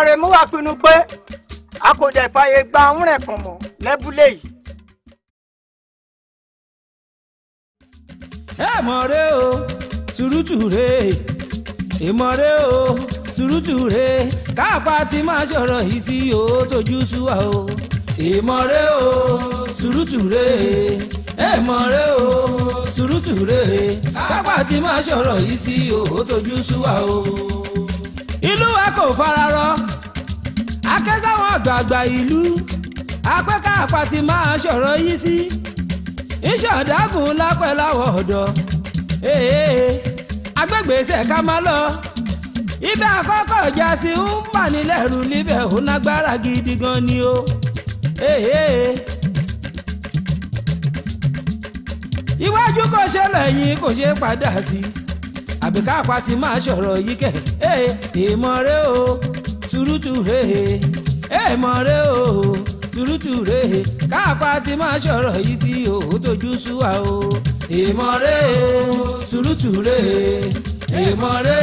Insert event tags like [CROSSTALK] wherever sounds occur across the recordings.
aremu wá pinnu pé a kò dẹ̀ fàyè gba àwọn rẹ̀ kàn mọ́ lẹ́bùlé yìí. ẹ rẹ o tùrùtùrẹ ìmọ̀ rẹ o tùrùtùrẹ káàpá ti máa sọ̀rọ̀ yìí sí o tójú súwà o ìmọ̀ rẹ o tùrùtùrẹ ẹ̀mọ̀ rẹ o sùrùtùrẹ kápá tí máa sọ̀rọ̀ yìí sí o tójú súwà o. ìlú wa kò fararọ akẹ́sàwọn àgbààgbà ìlú apẹ́ká àpàtì máa ṣọ̀rọ̀ yín sí ìṣọ̀dágùn lápẹ́ láwọ̀ ọ̀dọ́ agbègbèsẹ̀ ká má lọ ibẹ̀ àkọ́kọ́ ìjà sí ń bà nílẹ̀ rú níbẹ̀ ó lágbára gidi gan ni o. iwájú kò ṣe lẹ́yìn kò ṣe padà sí àbíká àpàtì máa ṣọ̀rọ̀ yìí kẹ̀ èèmọ̀ rẹ o. Hey, hey turutu hehe ẹ mọ̀rẹ́ o turutu rehe káàpá ti máa ṣọ̀rọ̀ yìí sí òhò tójú súwa o ìmọ̀rẹ́ o turutu rehe ìmọ̀rẹ́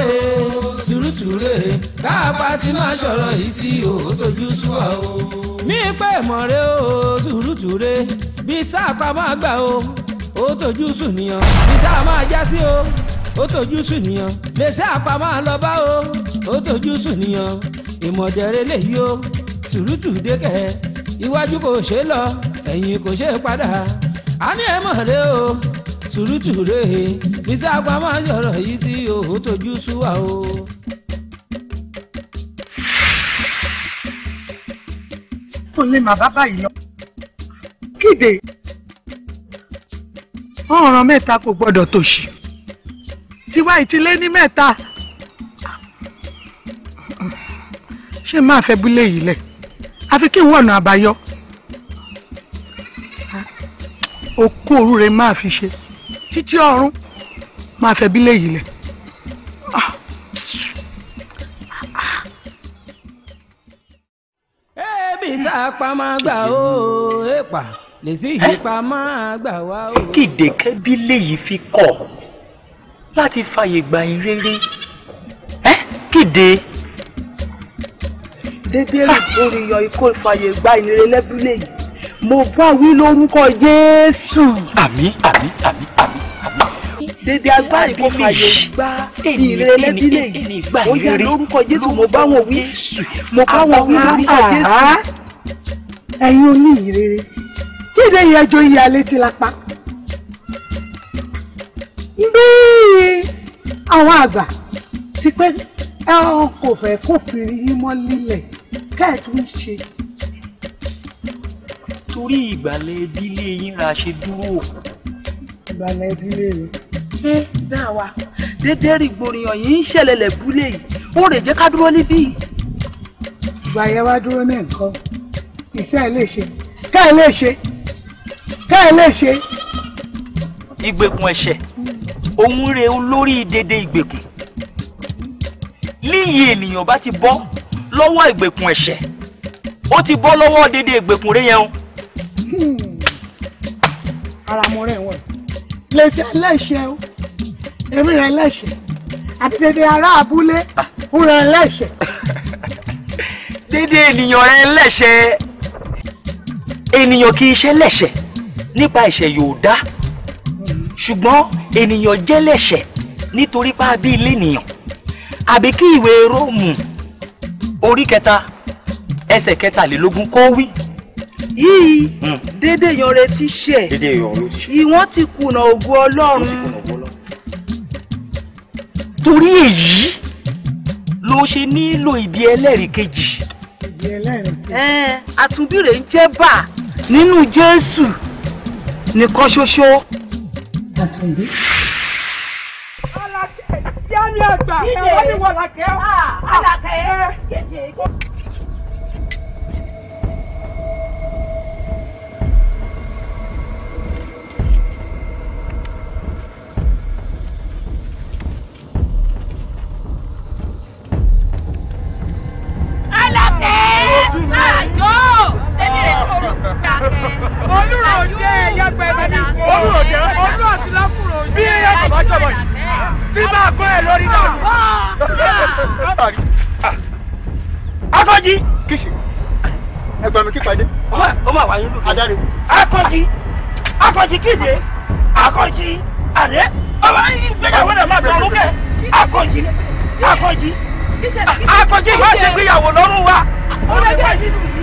o turutu rehe káàpá ti máa ṣọ̀rọ̀ yìí sí òhò tójú súwa o. ní pé ìmọ̀rẹ́ o turutu re bí sáàpá máa gbà o ó tójú sùn nìyàn bí sáà máa já sí o ó tójú sùn nìyàn lè sáàpá máa lọ bá o ó tójú sùn nìyàn ìmọ̀jẹ̀rẹ̀ lèyí o tùrùtù dékẹ́ iwájú kò ṣe lọ ẹ̀yìn kò ṣe padà á ní ẹ̀ mọ̀rẹ́ o tùrùtù rè é bísí àgbà máa yìí sí òhò tójú súwà o. tó lè má bá báyìí lọ kéde ọ̀ràn mẹ́ta kò gbọ́dọ̀ tòṣì tiwa ìtìlẹ́ ní mẹ́ta. ṣé máa fẹ́ búlé yìí lẹ̀ àfi kí n wọ̀nà àbáyọ òkú òru rẹ máa fi ṣe títí ọ̀run máa fẹ́ bílé yìí lẹ̀. ẹbí sápá máa gbà ó èpà lè sí ìyípa máa gbà wá ó. kéde kẹ́bílẹ̀ yìí fi kọ̀ láti fààyè gba ìrere kéde. Eh? dédé rìn lórí yọ ikó ìfàyè gba ìnire lẹ́bílé yìí mo bá wí lórúkọ Jésù. àmín àmín àmín àmín àmín. dédé agbára ìkó fàyè gba ìnire lẹ́bílé yìí ó yà lórúkọ Jésù mo bá wọn wí mo bá wọn wí lórúkọ Jésù. ẹ̀yin oníyìrere kéde ìyẹjọ ìyàlẹ ti lápá bí àwọn àgbà ti pẹ́ ẹ kò fẹ́ kófìrí yín mọ́ lílẹ̀ bẹ́ẹ̀ tó ń ṣe torí ìgbàlẹ̀ ìdílé yín ra ṣe dúró òkú. ìgbàlẹ̀ ìdílé rẹ̀. ṣé dáa wa dédé rìgbòrìyàn yìí ń ṣẹlẹ̀ lẹ́bùlé yìí ó rè jẹ́ ká dúró níbí. ìgbà yẹn wá dúró ní nǹkan iṣẹ́ ẹ̀ lè ṣe ká ẹ̀ lè ṣe ká ẹ̀ lè ṣe. ìgbèkùn ẹ̀ṣẹ̀ òun rè olórí dédé ìgbèkùn líyìí ènìyàn bá ti bọ́ lọ́wọ́ ìgbèkùn ẹ̀ṣẹ̀ ó ti bọ́ lọ́wọ́ dédé ìgbèkùn rẹ yẹn o. Hmm. ara mo rẹ̀ wọ̀ lè ṣe ẹlẹ́ṣẹ̀ o èmi rẹ̀ ẹlẹ́ṣẹ̀ àti dédé ará abúlé ń rẹ̀ ẹlẹ́ṣẹ̀. [LAUGHS] dédé ènìyàn rẹ̀ ẹlẹ́ṣẹ̀ ènìyàn kì í ṣe lẹ́ṣẹ̀ nípa ẹ̀ṣẹ̀ yóò dá ṣùgbọ́n ènìyàn jẹ́ lẹ́ṣẹ̀ nítorí pé a bí ilé ènìyàn àbí kí ìwé róòmù orí kẹta ẹsẹ̀ kẹtàlélógún kó wí. yìí hmm. dédé yanre ti ṣe ìwọ́n ti kùnà ògo ọlọ́run torí èyí ló ṣe nílò ibi ẹlẹ́rìí kejì àtúnbírè ń jẹ́ bà nínú Jésù nìkan ṣoṣo. àtúnbí. Ah, ah. ẹ̀wọ́n ni wọ́n làkẹ́. àlàkẹ́ kèsì. olùrọ̀ jẹ́ ẹ̀yà gbẹ̀mí ní kú. olùrọ̀ jẹ́ olùrọ̀ àti lákùrọ̀ jẹ́. bí ẹ̀yà bàbá jọ̀bọ̀ yìí tí bá a gbọ́ ẹ̀ lórí náà. akọ́jí. kìsì ẹgbẹ́ mi kípadé. ó mà wáyé lókè. adarí. akọ́jí akọ́jí kéde akọ́jí àdé ọba ìgbéyàwó rẹ̀ máa tọrọ kẹ́ akọ́jí akọ́jí akọ́jí wá ṣègbéyàwó lọ́rùn wa. ó lè jẹ́ ìdílù yìí.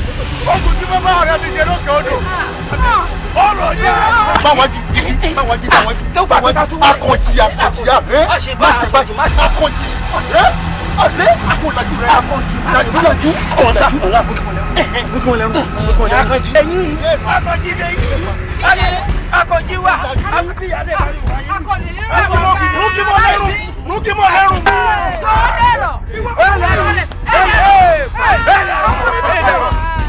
ogun tí bàbá rẹ mi jẹ lókè odò ọ̀rọ̀ yẹ. báwa jí jí báwa jí báwa jí báwa jí akọ̀jì akọ̀jì akọ̀jì akọ̀jì ale akọ̀lajú rẹ lajú lajú ọ̀sà akọ̀jì akọ̀jì bẹ yí akọ̀jì wa akọ̀jì yàrá ìwà yìí. nukimọ lẹrù nukimọ lẹrù. sọ ẹ lọ ẹ lọ ẹ lọ ẹ lọ.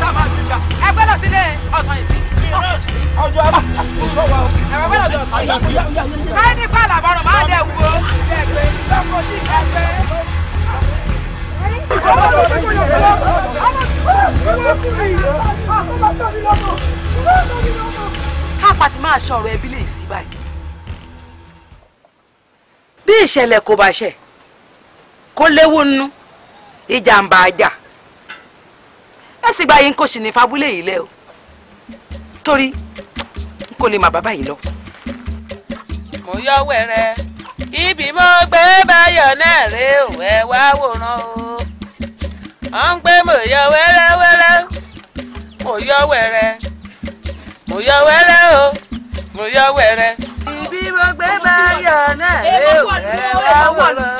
ẹ gbọ́dọ̀ sílé ọ̀sán ìbí. ọjọ́ ẹ̀rọ gbọ́dọ̀ jọ ọ̀sán ìbí. ìṣẹ̀lẹ̀ kò bá ṣẹ̀ kó léwu nínú ìjàmbá ajá sì gba yín kò sì ní fabúlé yìí lẹ o torí n kò lè má bàbá yìí lọ. mo yọ wẹrẹ ibi mo gbé báyọ̀ náà rè ó wá wòran o ọ ń pé mo yọ wẹ́rẹ́wẹ́rẹ́ mo yọ wẹrẹ mo yọ wẹ́rẹ́ o mo yọ wẹrẹ. ibi mo gbé báyọ̀ náà rè ó wá wòran o.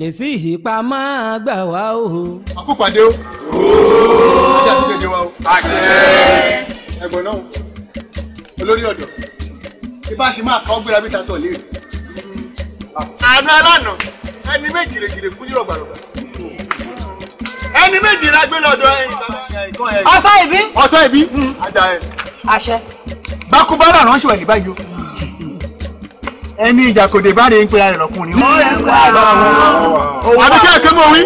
lè sí ìṣípamọ́ àgbà wa o. àkópàdé o. ọjà tó kéde wa o. àṣẹ. ẹ̀gbọ́n náà olórí ọ̀dọ́ ibà ṣe máa kọ́ gbéra bíi tatọ̀ léèrè. àná alánà ẹni méjì lè jìlè kú ní rọ̀gbàrọ̀gbà ẹni méjì la gbé lọ́dọ̀ ẹ̀yìn. ọ̀sán ìbí. ọ̀sán ìbí. àṣẹ. bákúbárà ránṣẹ́ wà ní báyìí o ẹni ìjà kò dé báre ń pe ayọ̀ lọ́kùnrin. àbí kí ẹ̀kẹ́ mọ̀ wí.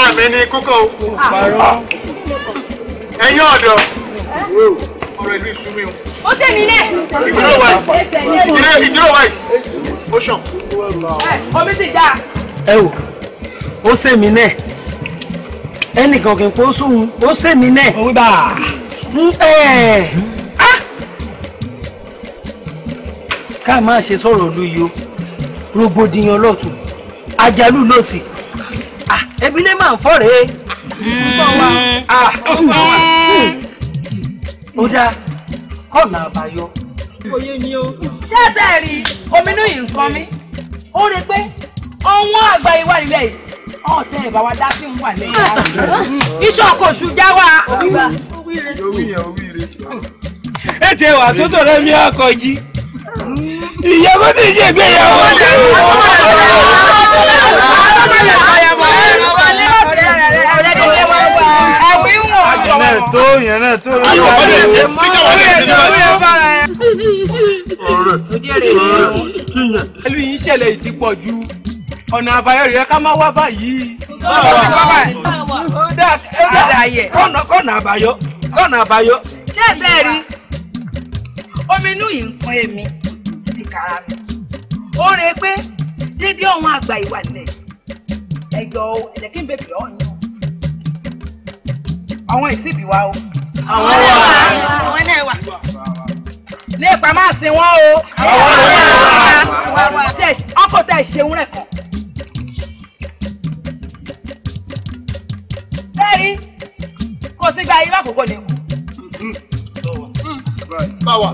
àmì ni kókó ẹ̀yin ọ̀dọ́ ọ̀rọ̀ ìlú ìsúnmi o. ó tẹ̀mí náà. ìdúró wa yìí ìdúró wa yìí ó ṣàn. omi ti dà. ẹ wò ó sèmi náà ẹnìkan kì í sóhun ó sèmi náà. òun bá a. ká máa ṣe sọ̀rọ̀ olóyè o rògbòdìyàn lọ́tún àjálù lọ́sì ẹbí ah, lè máa ń fọ́rẹ̀ẹ́ hmm. ah, ó dáa kọ́nà àbáyọ. òye ni o. ṣé bẹ́ẹ̀ rí ominú yìí ń kan mí ó rí i pé ọ̀wọ́n àgbà ìwà ilẹ̀ yìí ọ̀tẹ̀ ìbá wa dá sí ń wà lẹ́yìn wa. [LAUGHS] iṣẹ́ ọkọ̀ oṣù já wa. ẹ jẹ́ wà tó tọ̀rẹ́ mi àkọ́jí ìyàwó ti ṣe ìgbéyàwó. tó yẹn náà tó lọ sí àgbẹ̀ ọ̀rẹ́ ẹlú yìí ṣẹlẹ̀ yìí ti pọ̀ ju ọ̀nà àbáyọ rẹ̀ ká má wá báyìí. kọ́nà àbáyọ kọ́nà àbáyọ. ṣé ẹ bẹ́ẹ̀ rí omi inú yìí ń pọn èmi ìkara mi ó rẹ pé dédé ọ̀hún àgbà ìwà ilẹ̀ ẹ̀yọ ẹ̀lẹ́kìn bèbè lọ́wọ́ yín àwọn ìsìbí wa o. àwọn náà wà àwọn náà wà. ní ipa máa sin wọn o. àwọn náà wà. ọkọ̀ tẹ̀ ṣeun rẹ̀ kàn. sẹ́yìn kò sígbà yìí bá kókó ni kù. báwa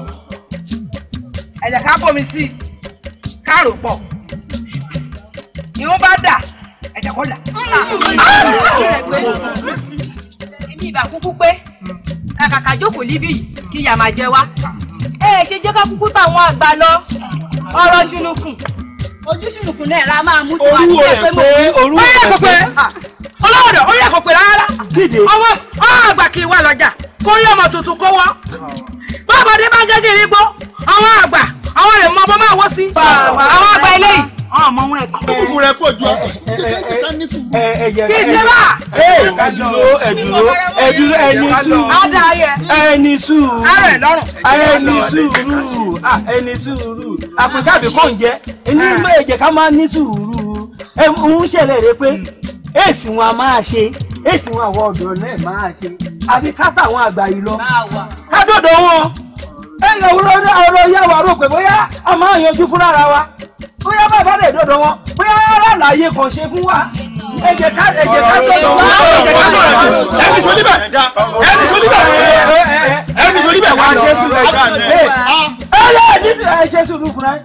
ẹ̀jẹ̀ ká bomi sí i káàrò pọ̀ ìhun bá dà ẹ̀jẹ̀ kọ́ dà. èmi ìbà kúkú pé kàkàkà jókòó líbí kí ìyà máa jẹ wá ẹ ṣe jẹ́ ká kúkú táwọn àgbà lọ ọ̀rọ̀ ṣùnùkùn ojú ṣùnùkùn náà ra máa mú tó wá sí ẹgbẹ́ mọ́ orú rẹ̀ pé olóòdò orí ẹ̀kọ́ pé rárá ọmọ àgbà kì í wà lọ́jà kó rí ọmọ tuntun kó wá bọ́ọ̀mọdé bá gẹ́gẹ́ rí gbó àwọn àgbà àwọn rẹ̀ mọ bọ́ máa wọ́ sí àwọn àgbà ilé yìí ọmọ wọn ẹ̀kọ́. kúkú rẹ pọ̀ ju kíkà ní sùgbọ́n. kì í ṣe bá. ẹdùró ẹdùró ẹdùró ẹni sùúrù. ada ayẹ. ẹni sùúrù. ara ẹ lọ́rùn. ẹni sùúrù ẹni sùúrù. àpèká àbí kò ń jẹ ẹni mọ ẹ̀jẹ̀ ká máa ní sùúrù. ẹ ń ṣẹlẹ̀ rẹ pé èsì wọn a máa ṣe èsì wọn àwọn ọ̀dọ́ náà máa ṣe àfi káta àwọn àgbà yìí lọ kádòdò wọn ẹ̀yìn òwúrọ̀ ọ̀rọ̀ yà wà rò pé bóyá a máa fúnra ra wa bóyá bàbá rẹ̀ dọ̀dọ̀ wọn bóyá aláàlàyé kan ṣe fún wa ẹ ká ẹ ká sọ̀rọ̀ wá. ẹ ní sọlí bẹ ẹ ní sọlí bẹ ẹ ní sọlí bẹ wá ṣe ẹ gbà ní. ẹ ẹ ṣe sùúrù fúnra ẹ.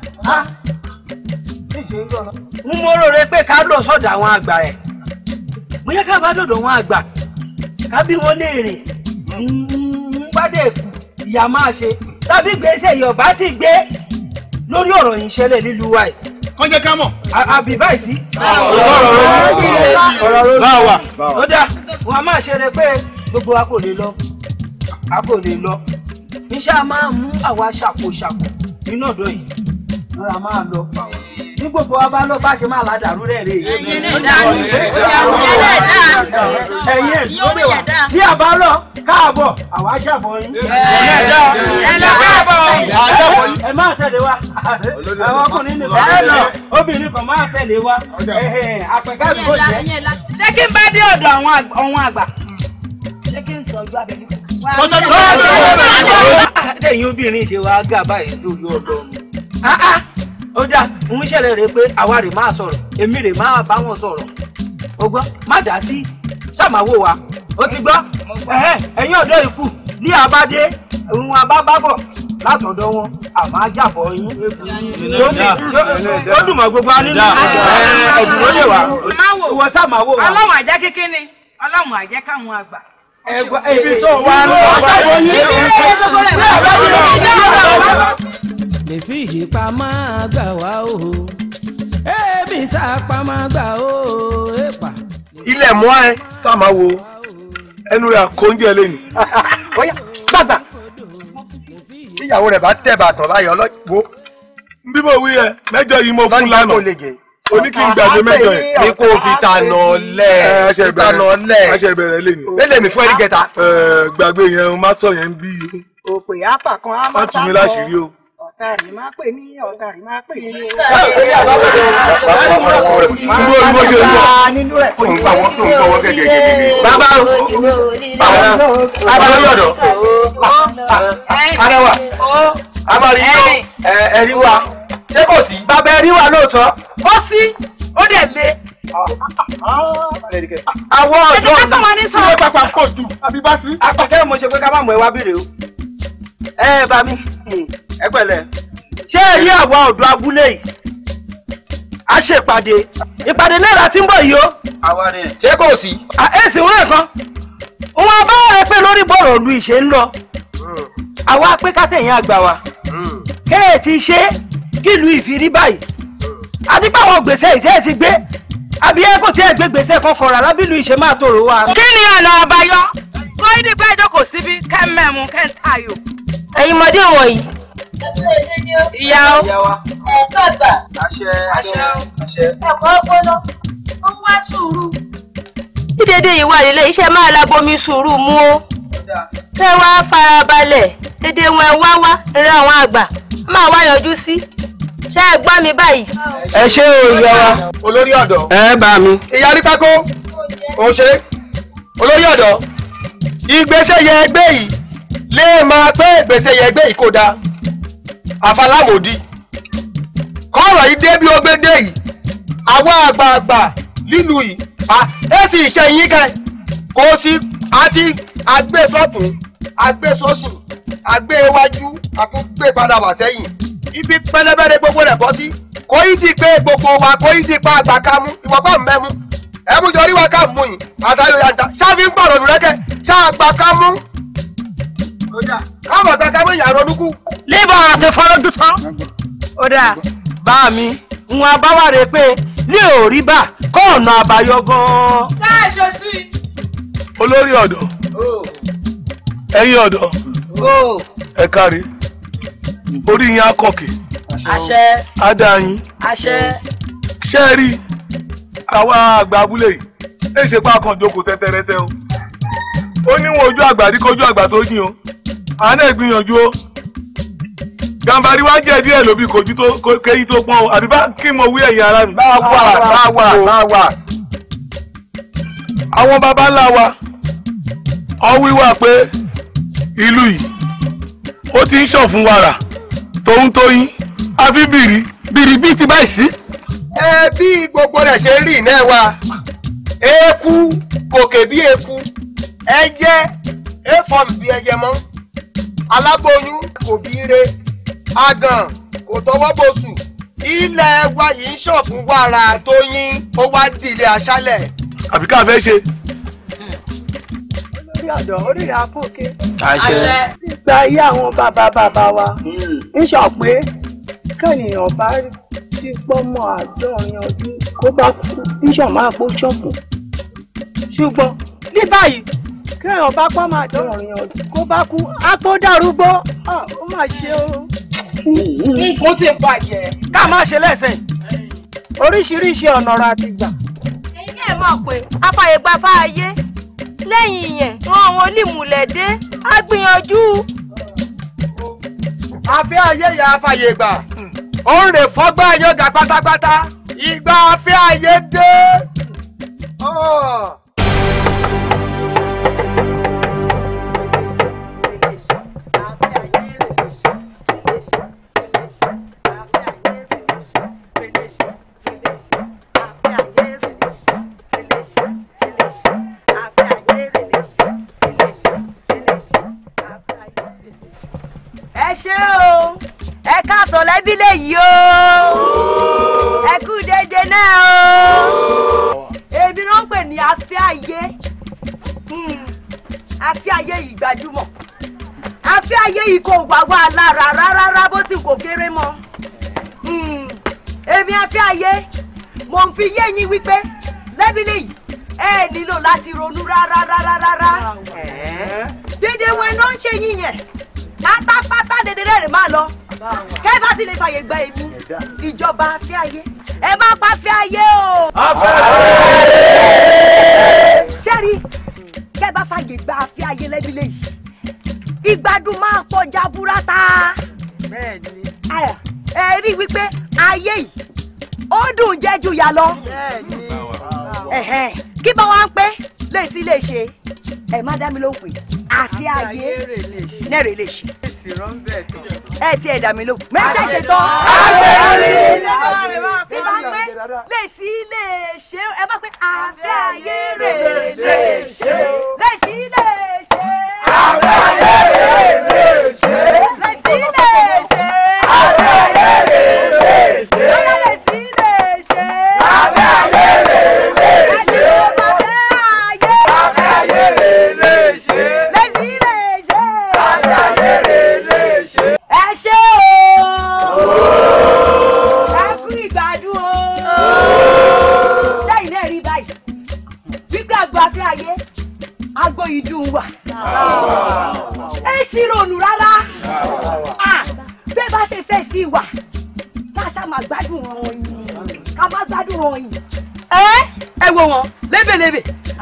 n ah. mo rò rẹ pé ká lọ sọ́dọ̀ àwọn àgbà ẹ̀ bóyá ká bá dòdò wọn àgbà kábí wọn lè rìn ń gbádẹ ìyá máa ṣe tàbí gbèsè yọba ti gbé lórí ọ̀rọ̀ yìí ṣẹlẹ̀ nílùú wa yìí kọ́ jẹ́ ká mọ̀. àbí báyìí sí. ọ̀rọ̀ ló bá wà. ó dáa wọn a máa ṣẹlẹ̀ pé gbogbo a kò lè lọ a kò lè lọ níṣẹ́ a máa mú àwa ṣàkóṣàkó nínú ọ̀dọ́ yìí lọ́ra máa lọ ní gbogbo wa bá lọ bá ṣe máa ládàrú rẹ̀ rè é ẹ̀yin ẹ̀ dá ẹ̀yin ẹ̀ lóde wa bí àbá lọ káàbọ̀ àwa jàbọ̀ yín. ẹ lọ káàbọ̀ àjọpọ̀ yín. ẹ máa tẹ̀lé wa àwọn ọkùnrin nìkan ẹ lọ obìnrin kan máa tẹ̀lé wa àpẹ̀ká ìbò jẹ́. ṣé kí n bá dé ọ̀dọ̀ àwọn àgbà ṣé kí n sọ ojú abẹ́lé kan ẹ̀yin obìnrin ṣe wá gà báyìí lórí ọ̀dọ̀ mi. Ah, ah ó dá ń ṣẹlẹ̀ rẹ pé àwa rè máa sọ̀rọ̀ èmi rè máa bá wọn sọ̀rọ̀ o gbọ́ má dá sí sàmáwó wa o ti gbọ́ ẹ̀yin ọ̀dọ́ ikú ní abádé òun abábábọ̀ látọ̀dọ̀ wọn àmọ́ ajábọ̀ yín ó dùn mọ́ gbogbo alínú ẹ̀dùnmọ́ lè wà ìwọ sàmáwó wa. ọlọ́run àjẹ́ kékeré ọlọ́run àjẹ́ káwọn àgbà ibi sọ wa ló wà lóyún gbèsè ìṣèpamọ́ àgbà wá o èmi sàpamọ́ àgbà o èpà. ilé mọ́ ẹ tá a máa wo ẹnu rẹ̀ kó oúnjẹ lẹ́nu. bóyá [LAUGHS] gbàgbà ìyàwó rẹ̀ bá tẹ̀ bàtàn báyọ̀ lọ́wọ́. bí mo wí ẹ mẹ́jọ yìí mo fún lánàá oníkìngbàdé mẹ́jọ yẹn. ní kó fi tanà lẹ fi tanà lẹ. a ṣe bẹ̀rẹ̀ lé ní. lélẹ̀ mi fún ẹ̀rígẹ́ta. gbàgbé yẹn o má sọ yẹn bí. òpè apá kan á má sá lọ. má tún mi láṣìírí o ọ̀tàrí máa pè ní Bàbá ẹ̀rí wa. lóòótọ́. Ó sí, ó dẹ̀ le àwọn ọ̀dọ́ ọ̀dọ́ ilé pápá kò dùn àbí bá sí. àpẹkẹ́ mo ṣe pé ká má mọ ẹ wá bèrè o ẹ bá mi ẹ pẹ̀lẹ́ ṣé ẹ rí àwa ọ̀dọ́ abúlé yìí a ṣe ìpàdé ìpàdé náírà tí ń bọ̀ yìí o. àwa ni ẹ ṣé kò sí. èsì wọn kan wọn bá rẹ pé lórí bọ̀rọ̀ lu ìṣe ń lọ àwa pé kátẹ̀yìn àgbà wa kéè ti ṣe kí ìlú ìfìrí báyìí àti pé àwọn gbèsè ìṣe ti gbé àbí ẹ kò tí ẹ gbé gbèsè kankan rà lábìlú ìṣe máa tòrò wa. kí ni ọ̀nà àbáyọ kọ́ ìdí pé ìjókòó síbí kẹ́ mẹ́mu kẹ́ ń tayò. ẹ̀yin mọ̀dé wọ̀nyí. ìyá o. ẹ tọ́gbà. àṣẹ àṣẹ àṣẹ. ẹ̀kọ́ gbóná ó wá sùúrù. dídéde ìwà ìlẹ̀ iṣẹ́ máa la bomi sùúrù mú o. kẹ́ wá farabalẹ̀ dédé wọn wá wá eré àwọn àgbà máa wá yọjú sí ṣé ẹ gbọ́ mi báyìí. ẹ ṣé ìyá wa. olórí ọ̀dọ́. ẹ bá mi. ìyá rí pákó. òun ṣe. olórí ọ̀dọ́ ìgbésẹ̀ yẹ ẹgbẹ́ yìí lè e máa pé ìgbésẹ̀ yẹ ẹgbẹ́ yìí kò dáa àfàlàmòdì kọ́ọ̀rọ̀ yìí dé bí ó gbé dé yìí àwa àgbààgbà lílùú yìí ẹ sì ṣẹ̀yìn kẹ kò sí àti agbésọ̀tún agbésọ̀sìn agbéwájú àtúngbé padà wá sẹ́yìn ibi pẹlẹbẹrẹ gbogbo rẹ̀ bọ́ sí kò í ti pé gbogbo wa kò í ti pa àgbà ká mú ìwọ́pá mẹ́mú ẹ̀mùjọ rí ká mú yìí àtàlù yàtà ṣáfi ń pàrọ̀ lùrẹ́kẹ̀ ṣáàgbà ká mú. káàbọ̀ a ká mú ìyàrá olúkú. lébà àti fọlọ́dún tán. ó mi ń wá rè pé ní òrí bá ọ̀nà àbáyọ gan-an. káàṣọ sí. olórí ọ̀dọ́ ẹ̀yin ọ̀dọ́ ẹ kárí orí yín á kọ̀kì. àṣẹ. tàwa àgbà abúlé yìí lè ṣe pa kan jókòó tẹ́tẹ́rẹ́tẹ́ o ó níwọ̀n ojú àgbà rí kọjú àgbà tó jìn o àánà ìgbìyànjú o gàmbàrí wá jẹ díẹ̀ lóbi kojú tó kéyí tó pọ́n o àbí bá kí mo wí ẹ̀yin ara mi. báwa báwa báwa. àwọn baba ńlá wa ọ wíwà pé ìlú yìí ó ti ń ṣọ̀fun wàrà tòun tóyin àfi bìrì bìrì bíi ti báyìí sí ẹ bí gbogbo rẹ̀ ṣe rí iná wa eku kòkè bí eku ẹyẹ efọm bí ẹyẹ mọ́ aláboyún kò bí re àgàn kò tọwọ́ bòsù ilẹ̀ wa yìí ń ṣọ̀fún wàrà tó yín ó wá di ilé aṣálẹ̀. àbí ká fẹ́ ṣe. olórí ọ̀dọ́ oríire àpòkè. àṣẹ. nígbà ayé àwọn bàbá bàbá wa hmm. ń sọ pé kẹ́nìyàn bá rí ti pọ́mọ àádọ́rin ọdún kó bá kú bíṣọ̀ máa gbó ṣọ́ọ̀bù. ṣùgbọ́n ní báyìí kéèyàn bá pọ́mọ àádọ́rin ọdún kó bá kú apó dàrúgbó ó mà ṣe o. nǹkan ti bàjẹ́. ká má ṣe lẹ́sẹ̀ oríṣiríṣi ọ̀nà ọ̀rọ̀ àti gbà. ẹ̀yin náà mọ̀ pé afàyègbà fáayé lẹ́yìn ìyẹn wọn àwọn olímùlẹ̀ dé á gbìyànjú. àfẹ́ ayé ya afàyègbà ó ń rè fọ́gbà yọ̀gà pátápátá ìgbà afẹ́ ayé dé. Oh. débílẹ̀ yìí o ẹ kú déédéé náà o èmi ló ń pè ní afẹ́ ayé hmm. ayé yìí gbajúmọ̀ afẹ́ ayé yìí kò wá wá lára rárá bó ti kò kéré mọ́ hmm. èmi afẹ́ ayé mò ń fi yé yín wípé lẹ́bílẹ̀ yìí ẹ nílò láti ronú rárá rárá rárá dédé wọn ló ń ṣe yín yẹn pátápátá dédé rẹ̀ máa lọ kẹ́ bá ti lè fàyè gba èmi ìjọba afẹ́ ayé ẹ má pa afẹ́ ayé o. afẹ́ ayé. sẹ́rí kẹ́ bá fàyè gba afẹ́ ayé lẹ́bílẹ̀ yìí ìgbádùn máa kọjá búrátà. bẹ́ẹ̀ni. ẹ rí i wípé ayé yìí ó dùn jẹ ju yà lọ. bẹ́ẹ̀ni. kí bá wa ń pẹ́ lè ti lè ṣe ẹ má dá mi lóhùn pé ayé nẹ́rẹ̀ lè ṣe sì rán bẹ́ẹ̀ ẹ ti ẹ̀dà ló méjèèjì tán. àgbẹ̀rì tí bá pẹ́ lè sí lè ṣe ẹ bá pẹ́ àbẹ́ ayé rè lè ṣe.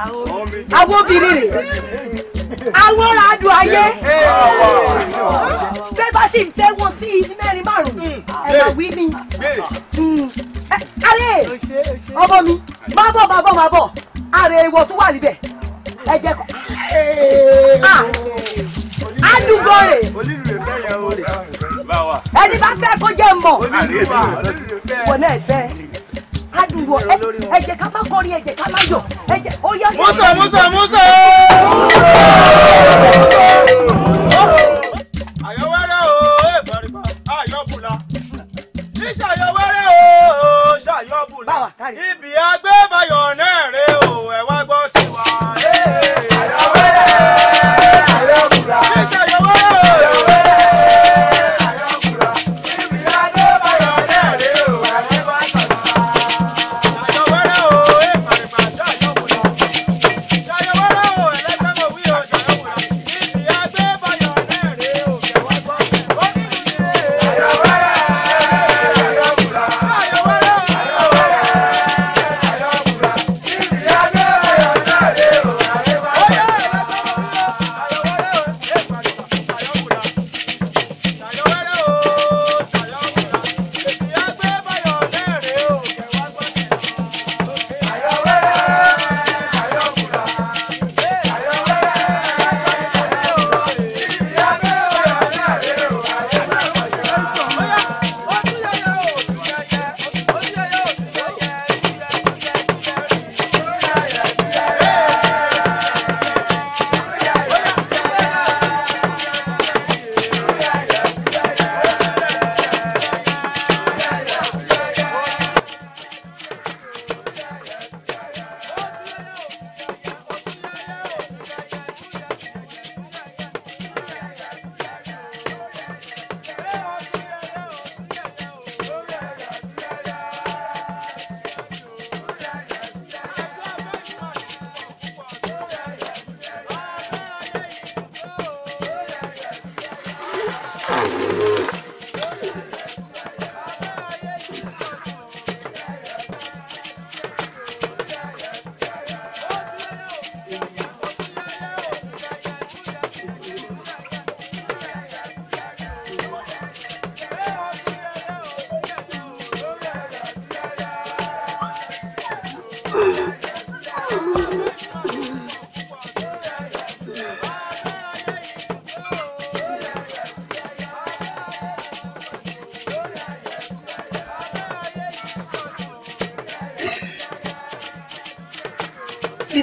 àwọn obìnrin rè àwọn ràdùn ayé bẹ́ẹ̀ bá ṣì ń fẹ́ wọn sí ní mẹ́rin márùn-ún hmm. ẹ̀rọ wí ni ààrẹ hmm. ọmọ mi má bọ̀ má bọ̀ má bọ̀ ààrẹ ìwọ tó wà níbẹ̀. vamos, vamos,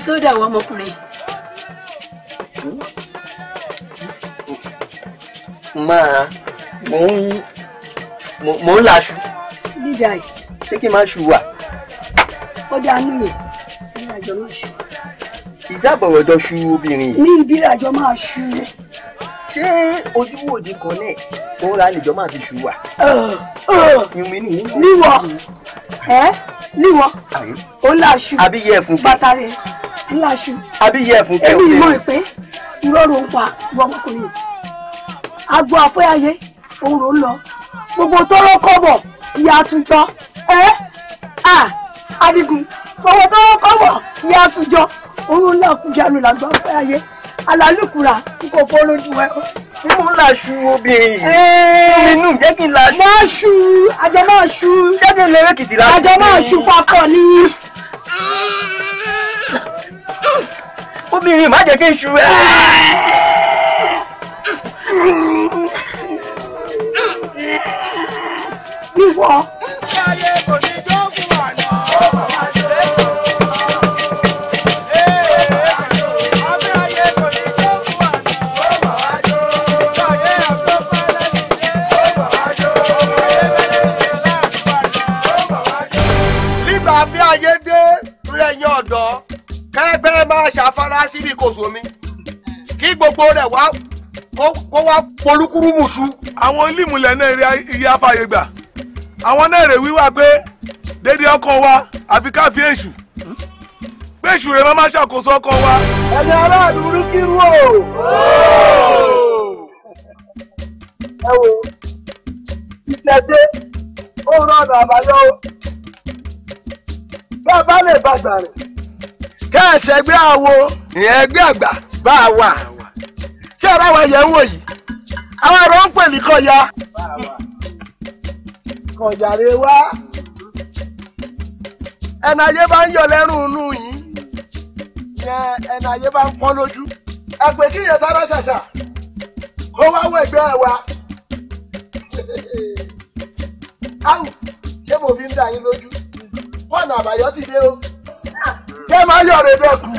sódà wọ ọmọkùnrin. máa mò ń mò ń laṣu. dídà yìí. ṣé kí n máa ṣù wà. ó dáa nù yẹn ní àjọ náà ṣù. ìsábọ̀wọ̀dọ̀ ṣu obìnrin yìí. ní ibi ìrajọ máa ṣu. ṣé ojúwòde kan náà òun ra àlejò máa fi ṣù wà. níwọ̀ ẹ́ níwọ̀ òun laṣu. bàtà rẹ̀ ńláṣu. àbí yẹ ẹ̀fún kẹ́ òkè. èmi ìmọ̀ ìpẹ́ ìrọ̀rùn òun pa ọmọkùnrin. agbo àfọyàyé òun ń lọ gbogbo tọrọ kọ́bọ̀ ìyá àtúnjọ ẹ à adigun gbogbo tọrọ kọ́bọ̀ ìyá àtúnjọ òun náà kú làgbà àfọyàyé alálùkùrà kò fọ́lójú ẹ. Mo ń obìnrin yìí. Inú jẹ́ kí n laṣu. Máa ṣu àjọ máa ṣu. Jẹ́ kí n lọ Èkìtì laṣu. Àjọ máa ṣu papọ̀ ni obìnrin má jẹ́ kí n ṣu ẹ́. níwọ. ayé kò ayé dé rẹ̀yìn ọ̀dọ́ kẹgbẹ́ máa ṣàfara síbi kòsò mi kí gbogbo rẹ̀ wá kó wá polúkúrú mùsù. àwọn ilé-ìmùlẹ̀ náà rí iye abáyé gbà àwọn náà rè wíwá pé dédé ọkàn wa àfi ká fi èṣù pé èṣù rẹ̀ máa ṣàkóso ọkàn wa. ẹ̀yin aráàlú rí kírú o. ẹ wo ìtẹ̀dé ó rán ọ̀nà àbáyọ bá a bá lè bàgbà rẹ̀. kẹ́ẹ̀sẹ̀ gbé àwo ìyẹn ẹgbẹ́ àgbà bá a wà tí ara wa yẹn ń wò yìí àwọn ọ̀rọ̀ ń pè ní kọ̀yà kọ̀yà rẹ wá ẹnu ayé bá ń yọ lẹ́rù inú yìí yẹn ayé bá ń pọ́n lójú ẹgbẹ́ kí [LAUGHS] ṣàṣà kẹ́ máa yọ̀ rẹ̀ dẹ́kun.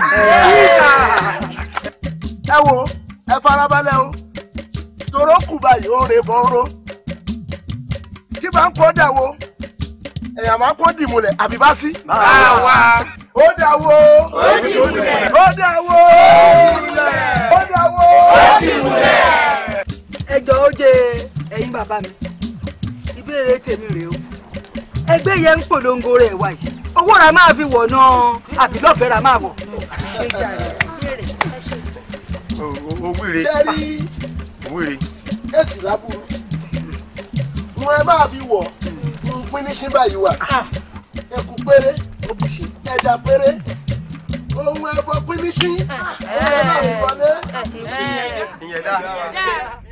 ẹ wo ẹ farabalẹ̀ o toro kù báyìí ó re bọ́nró kí máa ń kọ́ dà wo èèyàn máa ń kó dìmú lẹ̀ àbí bá sí. báwa. ó dà wo. ó dìmú lẹ̀. ó dà wo. ó dìmú lẹ̀. dà wo. ó dìmú lẹ̀. ẹ jọ̀ọ́ ó jẹ ẹ̀yin bàbá mi ìbéèrè tèmi rèé o ẹgbẹ́ yẹn ń polongo rẹ̀ wáyé owó ra máa fi wọ̀ náà àbí lọ́fẹ̀ẹ́ ra máa wọ̀. òwúre òwúre. èsì lábúrú mo ẹ máa fi wọ̀ n pín ní ṣí báyìí wà ah. eku péré ẹja péré ohun ẹbọ pín ní ṣí ah. ẹ wọlé. Eh. ìyẹn dáa. Eh.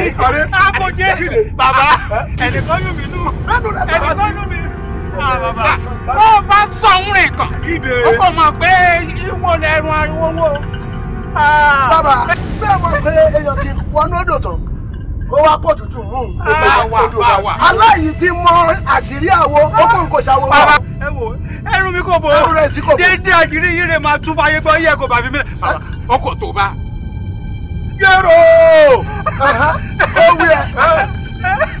ní ọ̀rẹ́ àpòjé bàbá ẹnìkan yóò mi nù ẹnìkan yóò mi bó o bá sọ ń rìn kàn ó kò mọ̀ pé ìwọ lẹ́rù ariwo wo. Ah. bàbá bẹ́ẹ̀ mọ̀ pé èèyàn ti wọnú odò tán ó wá pọ̀ tuntun mú un ó ah, bá wà odò wa aláyìí ti mọ àṣírí àwo ó kún nǹkan ṣàwọ́ wa. ẹ wo ẹrù mi kò bò déédéé àṣírí yìí rè máa tún fáyé gbọ́ yẹ kó bàbí mi ọkọ̀ tó bá. yẹ́rọ̀ kó wí ẹ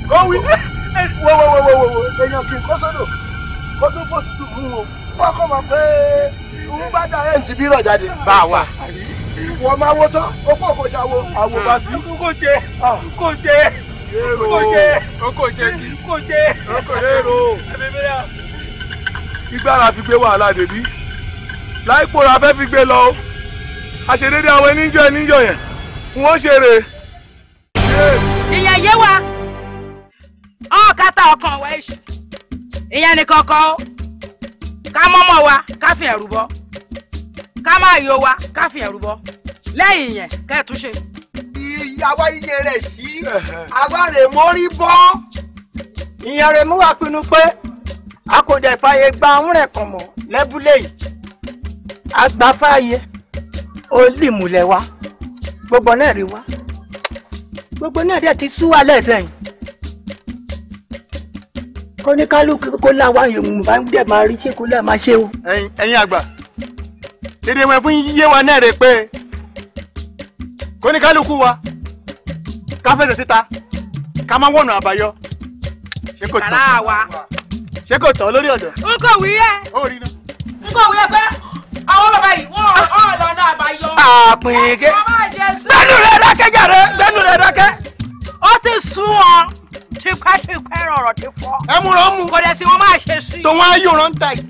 kó wí wọ́wọ́wọ́wọ́ èèyàn kì í kó sódò kó tó bó tutù fún o wọ́n kọ́ mọ̀ pé ń bá dá ẹ̀ ń ti bí rọ̀ jáde. bá a wà. wọ́n máa wo tán ó pọ̀ kó ṣe àwo àwo bá sí. kó ṣe kó ṣe kó ṣe kó ṣe kó ṣe kó ṣe. igbára fi gbé wàhálà dèbí láìpò la fẹ́ fi gbé lọ o àṣedédé àwọn ẹníjọ ẹníjọ yẹn wọ́n ṣeré yé wa ọ̀ọ́kátà ọkàn wa èṣù ìyẹn nìkan kọ́ ó ká mọ́mọ́ wa ká fi ẹ̀rù bọ́ ká má yọ wa ká fi ẹ̀rù bọ́ lẹ́yìn yẹn kẹ́ ẹ̀ tún ṣe. ìyàwó iye rẹ̀ sí àwa rè bọ́. ìyẹn rẹ̀ mú wa pinnu pé a kò dẹ̀ fààyè gba àwọn rẹ̀ kàn mọ́ lẹ́bùlé yìí a gbà fààyè ó wa gbogbo náà rí wa gbogbo náà dẹ̀ ti sú wa lẹ́sẹ̀yìn kóníkálukú kó láwa yòówù bá dẹ̀ máa rí ṣé kó lẹ́ẹ̀ máa ṣe o. ẹ̀yin àgbà èdè wọn fún yíyé wa náà rè pé kóníkálukú wa ká fẹsẹ̀ síta ká má wọ̀nà àbáyọ ṣé kò tán ṣé kò tán lórí ọ̀dọ̀. n kò wí ẹ n kò wí ẹ pé báyìí wọ́n ọ̀rọ̀ náà àbáyọ. àpèké gbẹnu rẹ dákẹ́ jàre gbẹnu rẹ dákẹ́. ó ti sún ọ tipẹ́tipẹ́ rọ̀rọ̀ ti fọ́. ẹ mú ràn mú. kò dẹ̀ sí wọn máa ṣe sí. tòun á yóò rán ta yìí.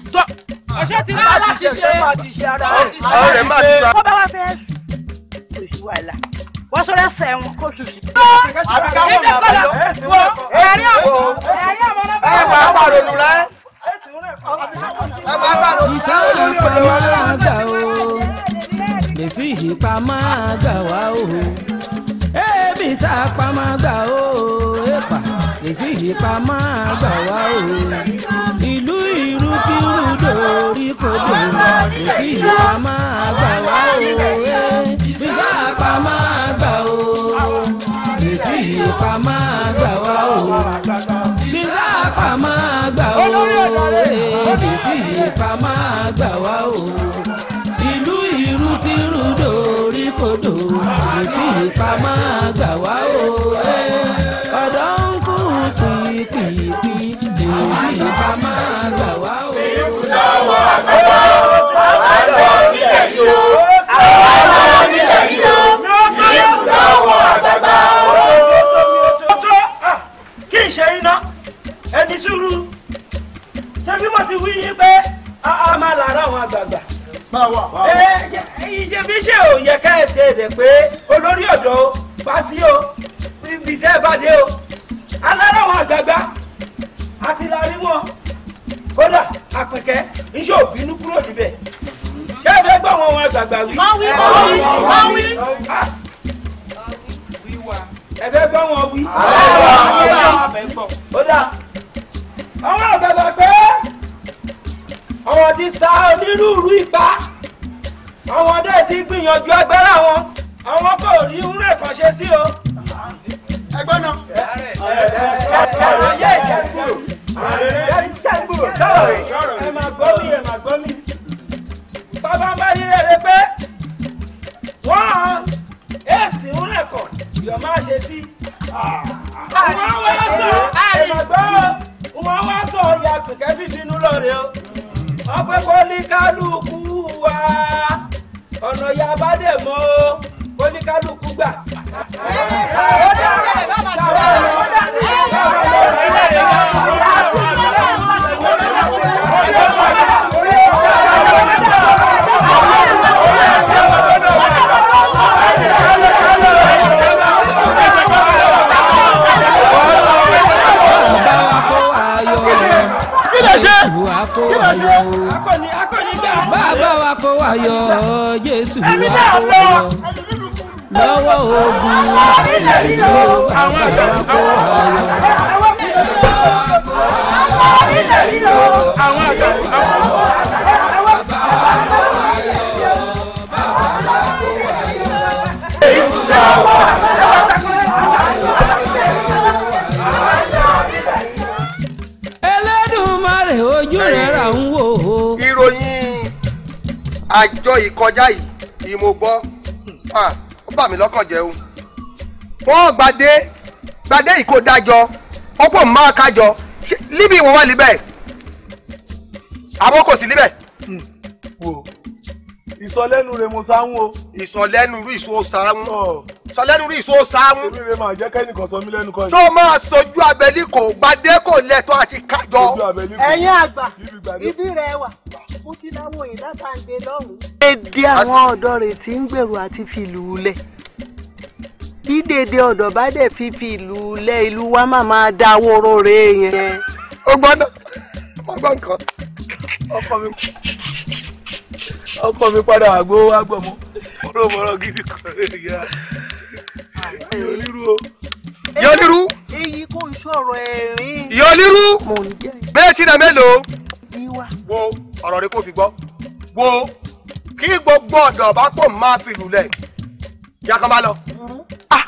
ọṣẹ ti rán láti ṣe láti ṣe ara rẹ máa ti bá wà kó àwọn àwọn ọmọ náà iṣẹ́ ìpamọ́ àgbà o lèsì ìpamọ́ àgbà wa o èmi ìṣàpamọ́ àgbà o èpà lèsì ìpamọ́ àgbà wa o ìlú irúkírú dòrí kodò lèsì ìpamọ́ àgbà wa o ìṣàpamọ́ àgbà o lèsì ìpamọ́ àgbà wa o máa gbà ó APC ìpá máa gbà wá o ìlú ìrúkìrú dòrí kodò APC ìpá máa gbà wá o ọ̀dọ́ ń kú pìpìpì APC ìpá máa gbà wá o. èyí náà wà pẹ̀lú àwọn àgbẹ̀ onílẹ̀ yìí o. ti wí yín pé a máa lára àwọn àgbààgbà. Eh, iṣẹ́ bí ṣe ò yẹ ká ẹ̀ èdè pé olórí ọ̀dọ́ pàṣí o bìṣẹ́ ìbàdí o alára àwọn àgbààgbà àti láàrin wọn kódà àpẹ̀kẹ́ iṣẹ́ òbínú kúrò níbẹ̀ ṣé ẹ fẹ́ gbọ́ àwọn ohun àgbààgbà wí. Eh, wọ́n wí wọ́n wí wọ́n wí. ẹ fẹ́ gbọ́ wọn wí. àwọn àgbààgbà pé àwọn ti sa onírúurú ipá àwọn dẹ́ ti gbìyànjú agbára wọn àwọn kò rí rẹ̀ kàn ṣe sí o. ẹgbẹ́ náà. ẹ̀rọ yẹ ẹ̀jẹ̀ kúrò ẹ̀jẹ̀ kúrò lọ́rọ̀ ẹ̀ máa gbọ́ mi ẹ̀ máa gbọ́ mi. bàbá máa yí rere pé wọ́n èsì ń rẹ̀ kàn yọ̀ máa ṣe sí. wọ́n ah. wá sọ ah. ẹ̀ máa gbọ́ wọ́n wá sọ ìyá kẹ̀kẹ́ bíbí inú lọ́rẹ̀ o ọpẹ́pọ́ ní kálukú wa ọ̀nà ya bá dẹ̀ mọ́ ó ní kálukú gbà. ẹ ẹ bá máa dúró. kó wá yọ. bàbá wa kó wá yọ Jésù wa kó wá lọ́wọ́ ogun àti ìlú bàbá wa kó wá yọ. bàbá wa kó ọjọ́ yìí kọjá yìí ni mo gbọ́ ó bà mí lọ́kàn jẹ́ o. wọ́n gbadé gbadé yìí kò dájọ́ ọ̀pọ̀ máa kájọ níbi ìwọ̀n wà níbẹ̀ àbọ̀ kò sí níbẹ̀. Hmm. wo ìsọlẹ́nu rẹ̀ mo sáwọn o. ìsọlẹ́nu rú ìṣó sáwọn sọ lẹ́nu rí ìṣó sáwọn. èmi rẹ máa jẹ́ kẹ́ni kan sọ mí lẹ́nu kan yìí. tó máa sojú abẹ́lí kò gbadé kò lẹ́tọ́ àti kájọ. ẹ̀yin àgbà ibi rẹ̀ wà mo ti láwọn òyìn látàǹdé lọ́hùn-ún. dédé àwọn ọ̀dọ́ rẹ̀ ti ń gbèrò àti fìlú lẹ̀ bí dédé ọ̀dọ̀ bá dẹ̀ fi fìlú lẹ̀ ìlú wa máa máa da wóró rẹ̀ yẹn. ó gbọ́dọ̀ ọkọ mi ọkọ mi padà àgbo agbọ̀mọ́ ọlọ́mọràn gidi kan rẹ̀ yá yọlírú yọlírú bẹ́ẹ̀ tí na mélòó wo ọ̀rọ̀ rẹ kò fi gbọ́ wo kí gbogbo ọ̀dọ̀ bá pọ̀ máa fi lulẹ̀ yàtọ̀ bá lọ ah,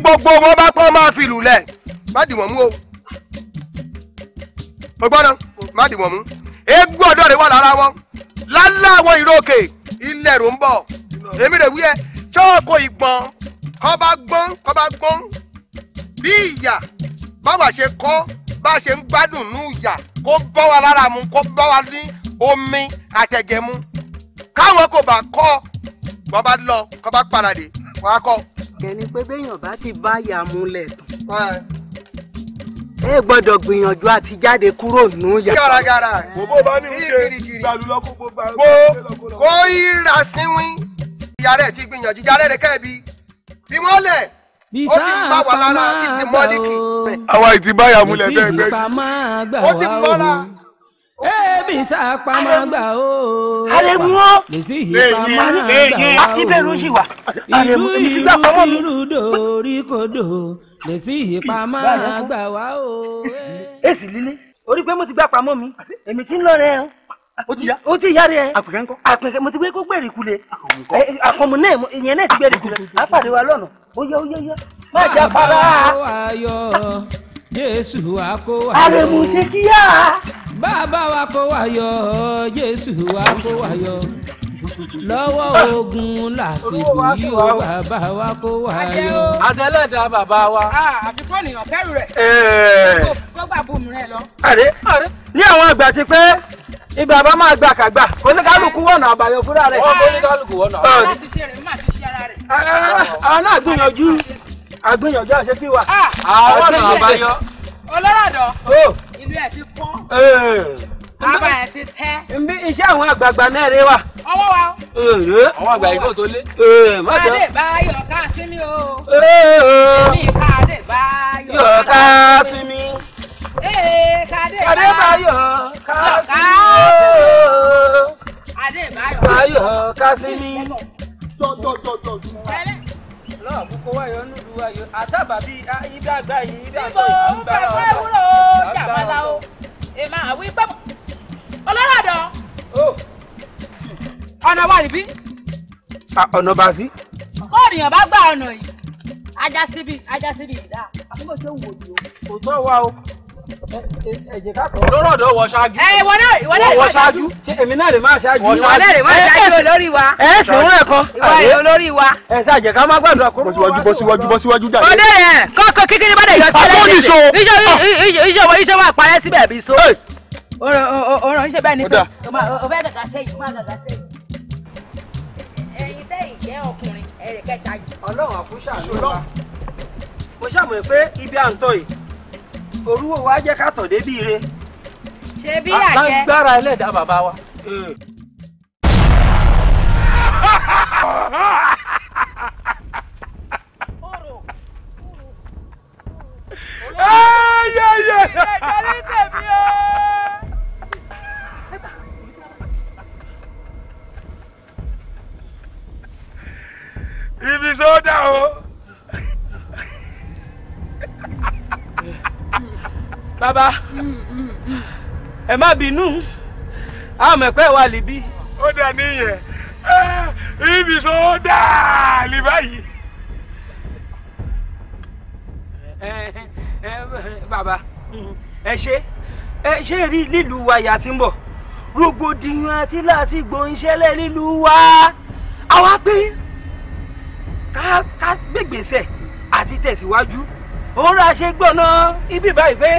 gbogbo wọn bá pọ̀ máa fi lulẹ̀ má dì wọ́n mú o mo gbọ́ náà má dì wọ́n mú eégún ọ̀dọ̀ rẹ wà lára wọn lálẹ́ àwọn ìrókè ilẹ̀ rò ń bọ̀ èmi rè wí ẹ ṣọ́ọ̀kọ̀ ìgbọ̀n ọba gbọ́n ọba gbọ́n bí ìyà báwa ṣe kọ́ bá ṣe ń gbádùn ní ìyà kó bọ́ wa lára mu kó bọ́ wa ní omi àtẹ̀jẹ̀ mu káwọn kò bá kọ́ wọ́n bá lọ kó bá paradì wọ́n á kọ́. ẹni pé béèyàn bá ti bá ìyà múlẹ̀ tán ẹ gbọ́dọ̀ gbìyànjú àti jáde kúrò nù yà. gàràgàrà bòbó bá ní ṣe gbàlú lọ́kọ́ gbogbo. kó kó ìrà sínwín. ìyá rẹ̀ ti gbìyànjú ìyá rẹ̀ kẹ́ẹ̀bi fi wọ́n lẹ̀ ó ti ń bá wa lára ti di mọ́líkì. àwa ìtìbáyà múlẹ̀ bẹ́ẹ̀ bẹ́ẹ̀ ó ti ń bọ́ la ebi sapa ma gba o. alemuwo lesi ipa o. ibẹ̀rù sì wà. ìlú ìlú ìlú dòrí kodò lesi ipa ma gba wa o. èsì líle orí pé mo ti gbà pamọ́ mi èmi ti ń lọ rẹ̀ ẹ́ o ti ya o ti mo ti gbé kó gbèrè kulè àkànmù náà ìyẹn náà ti gbèrè kulè àpàdé wa lọ́nà ó yẹ ó yẹ yẹ má jà para. Jésù wa kó wa yọ. Àrẹ̀mú ṣe kíyà. Bàbá wa kó wa yọ, Jésù wa kó wa yọ lọ́wọ́ ogun làsìkò yìí o bàbá wa kó wá yọ. adẹ́lẹ́dàá bàbá wa. àbí kò nìyàn bẹ̀rù rẹ̀. kó gbà bùnmi rẹ̀ lọ. àrẹ àrẹ ní àwọn àgbà ti pẹ́ ibi àbá máa gbà kàgbà oníkálukú wọ̀nà àbàyọ fúnra rẹ̀. ọmọ oníkálukú wọ̀nà àbàyọ. láti ṣe rẹ̀ má ti ṣe ara rẹ̀. àwọn náà gbìyànjú àgbìyànjú àṣekí wa. àwọn ah, ọ̀nà àbàyọ. olórọ̀dọ̀ ìlú ẹ̀ ti pọ́n. Bàbá ẹ̀ ti tẹ́. Nbí iṣẹ́ àwọn àgbààgbà náà rẹ wà. Ọwọ́ wa. Àwọn àgbà yìí kò tó lé. Adé bá yọ̀ ká sí mi o. Èmi ká adé bá yọ̀ ká sí mi. Eh, Adébáyọ̀ Kásímì. Adébáyọ̀ Kásímì. Lọ́ọ̀ mú kó wáyọ̀ nílùú wáyọ̀. Àtàbà bí ibàgbà yìí ibàgbà yìí. Ibo pẹ̀lú ewúro jàmọ́lá o. Èmi àwí pẹ́pọ̀. Ọlọ́rọ̀dọ̀. Oh. Ọ̀nà wa níbí. Ọ̀nà bá sí. Kóònìyàn bá gba ọ̀nà yìí. Ajá síbi, ajá síbi ìdá. Àbúrò ṣe ń wò ó. Kò tọ́ wa o lọ́rọ̀ dọ̀ wọ ṣáájú. ẹ wọ náà ìwọ náà ìwọ ṣáájú. èmi náà lè máa ṣáájú. ìwọ náà lè máa ṣáájú olórí wa. ẹ ẹ sòwò ẹ̀kọ́. ìwọ olórí wa. ẹ ṣáà jẹ ká má gbàdúrà kó. bọ́ síwájú bọ́ síwájú bọ́ síwájú dà. ọdẹ yẹn kọ́kọ́ kékeré bá dẹ̀ yọ sílẹ̀ ìṣòwò àpárẹ́ síbẹ̀ bí so. ọ̀rọ̀ iṣẹ́ bẹ́ẹ̀ ni pé o fẹ́ gàgà sẹ́yìn o máa gàgà sẹ́yìn. ẹ̀yin bẹ́ẹ̀ ìjẹ́ ọkùnrin ẹ̀rẹ̀kẹta. ọlọ́run àkúṣà ló wà. mo ṣàmùyẹ pé ibi à ń tọ́ yìí orúwò wa jẹ́ ká tọ̀ débi ire. ṣé bí àjẹ́. àtàgbára ẹlẹ́dàá bàbá wa. ibi sódà o. Baba, ẹ má bínú àwọn ẹ̀kọ́ ẹ̀ wà líbí. ó dà níyẹn ah, ibi sọ dà lè báyìí. bàbá ẹ ṣe ẹ ṣe rí nílùú wa ìyá tí ń bọ̀ rògbòdìyàn àti làásìgbò ń ṣẹlẹ̀ nílùú wa àwa pé ká gbègbèsè àti tẹ̀síwájú òun ra ṣe gbọ́ná ibi báyìí pé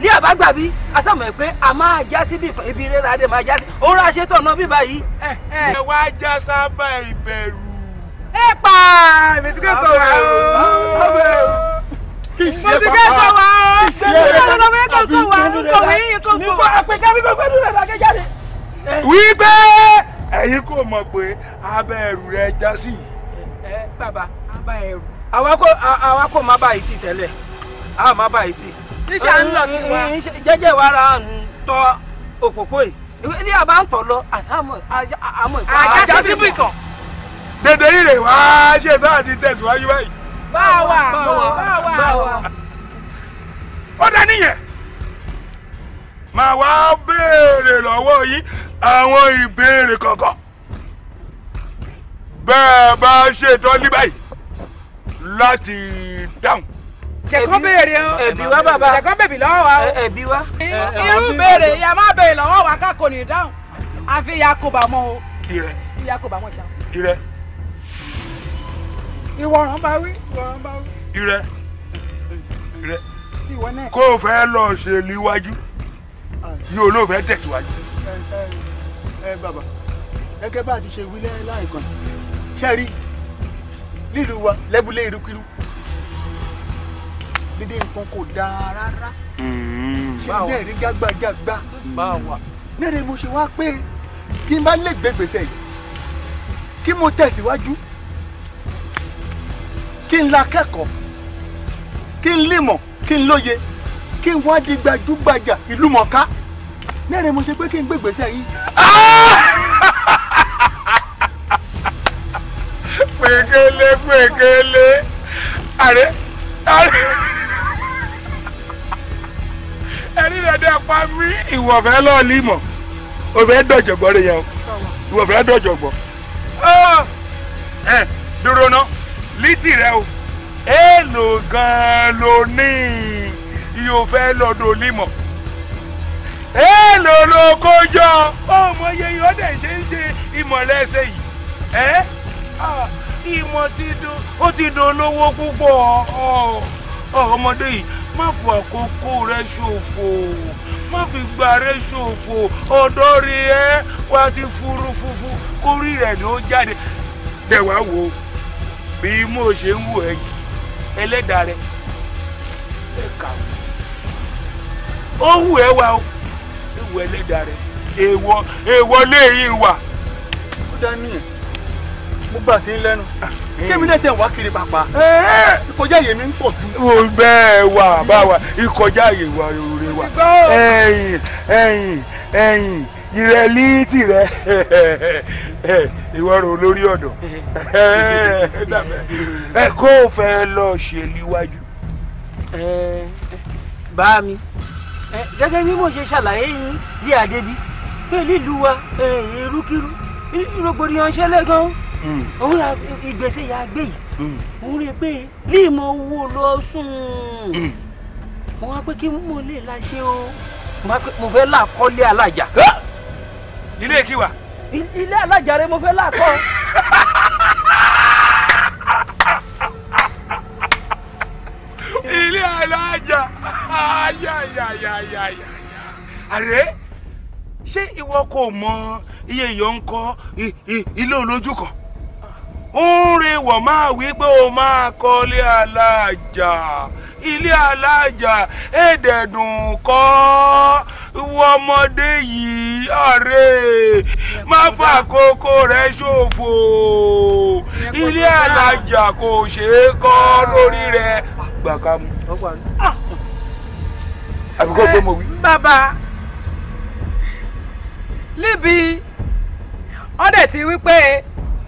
ní àbágbàbí asámọ̀ ẹ̀ pé a máa já sí bí ibi rẹ̀ adé máa já sí òun ra ṣètò ọ̀nà bíbá yìí. ẹ wá já sábà ìbẹ̀rù. ẹ pa mẹtìkẹ́ kọ̀ wá o. mẹtìkẹ́ kọ̀ wá o. mẹtìkẹ́ kọ̀ wá o. kọ̀wé yìí kọ̀ wá. nípa àpèkà bí gbogbo ẹdún rẹ̀ dàgẹ́ jáde. wípé ẹ̀yin kò mọ̀ pé abẹ́ ẹ̀rù rẹ̀ já sí. ẹ bàbá abẹ́ ẹ̀rù. àwa kò má bá yìí tì tẹ́lẹ̀ àwa má bá yìí tì níṣà ń lọ tiwa jẹ́jẹ́ wa ra tọ òpópó yìí ní àbá ń tọ̀ lọ àsámọ̀ àmọ̀ ìkọ́ àjà síbì kan. dèdè rírè wá ṣe tá a ti tẹ̀síwájú báyìí. báwa báwa báwa. ó dá níyẹn màá wá béèrè lọ́wọ́ yìí àwọn ìbéèrè kọ̀ọ̀kan bẹ́ẹ̀ bá ṣètò ní báyìí láti dáhùn jẹ̀kọ́ béèrè o ẹ̀bí wa bàbá jẹ̀kọ́ bèbí lọ́wọ́ wa o ẹ̀bí wa. irú béèrè ìyá má béèrè lọ́wọ́ wa ká kò ní dáhùn àfi ìyá kò bá mọ́ o ìyá kò bá mọ́ ṣá. irẹ. ìwọ ọ̀ràn bá wí ìwọ ọ̀ràn bá wí. irẹ irẹ kó o fẹ́ lọ ṣe níwájú ni olóòfẹ́ tẹ̀síwájú. ẹ ẹ bàbá gẹ́gẹ́ bá a ti ṣe wílẹ̀ láìkan ṣẹ́ẹ̀rí nílùú wa lẹ́bùlé irúkirú gbàgede nǹkan kò dáa rárá hmm. ṣé bẹ́ẹ̀ rí jágbàjágbà nẹ́rẹ̀ mo ṣe wá pé kí n bá lè gbé gbèsè yìí kí mo tẹ̀síwájú kí n la kẹ́kọ̀ọ́ kí n límọ̀ kí n lóye kí n wá di gbajúgbajà ìlú mọ̀ká nẹ́rẹ̀ mo ṣe pé kí n gbé gbèsè yìí. [LAUGHS] pèkélé pèkélé àrẹ àrẹ ẹni dẹdẹ pa mí ìwọ̀fẹ́ lọ́ọ̀lì mọ̀ òfẹ́ dọ̀jọ̀gbọ́ rẹ yẹn o ìwọ̀fẹ́ dọ̀jọ̀gbọ́ ẹ dúró ná lítì rẹ o èèlò gan-an ló ní ìyòfẹ́ lọ́dọ̀ límọ̀ èèlò ló kójọ ọmọ yẹyẹ ọdẹ ṣe ń ṣe ìmọ̀lẹ́sẹ̀ yìí ẹ ah, ìmọ̀ ti dùn ó ti dùn lówó púpọ̀ ọ̀. Ah, ọmọdé yìí má fọ àkókò rẹ ṣòfò má fi gba rẹ ṣòfò ọ̀dọ́ rí ẹ wá ti furu fufu kórì rẹ ni ó jáde dẹwàá wo bí mo ṣe ń wò ẹ ẹlẹ́dàá rẹ ẹ kà ó wù ẹ wá ó ewu ẹlẹ́dàá rẹ èèwọ̀ èèwọ̀ lè rí wa ó dá nìyẹn mo gbà sí lẹ́nu hmm. kémi náà tẹ̀ wá kiri pàpà eh! ìkọjá yèmí ń pọ̀ jù. mo bẹ́ẹ̀ wà báwa ìkọjá yèwà rere wa ẹ̀yìn ẹ̀yìn ẹ̀yìn ìrẹ̀lí tìrẹ ìwọ rò lórí ọ̀dọ̀ ẹ kó o fẹ́ lọ ṣe líwájú. bá mi gẹ́gẹ́ bí mo ṣe ṣàlàyé yín bí adébí pé nílùú wa èrúkírú rògbòdìyàn ṣẹlẹ̀ gan-an. Mm. òun ra ìgbésẹ̀ ìyá gbé yìí mm. òun rí i pé bí ìmọ̀ owó lọ sùn mm. mo wá pé kí mo lè la ṣe o mo fẹ́ là kọ́lé alájà. ilé kí wa. ilé alájà rẹ mo fẹ́ là kọ́. ilé alájà ayayayayaya àrẹ ṣé ìwọ kò mọ iye ìyọ̀ ń kọ́ ilé olójú kan ń rewọ̀ máa wí pé o máa kọ́lé alájà ilé alájà ẹ̀ẹ́dẹ̀dùn kọ́ wọ́mọdé yìí ọ̀rẹ́ má fàkókò rẹ ṣòfò ilé alájà kò ṣeé kọ́ lórí rẹ bàbá níbi ọ̀dẹ̀ ti wí pé.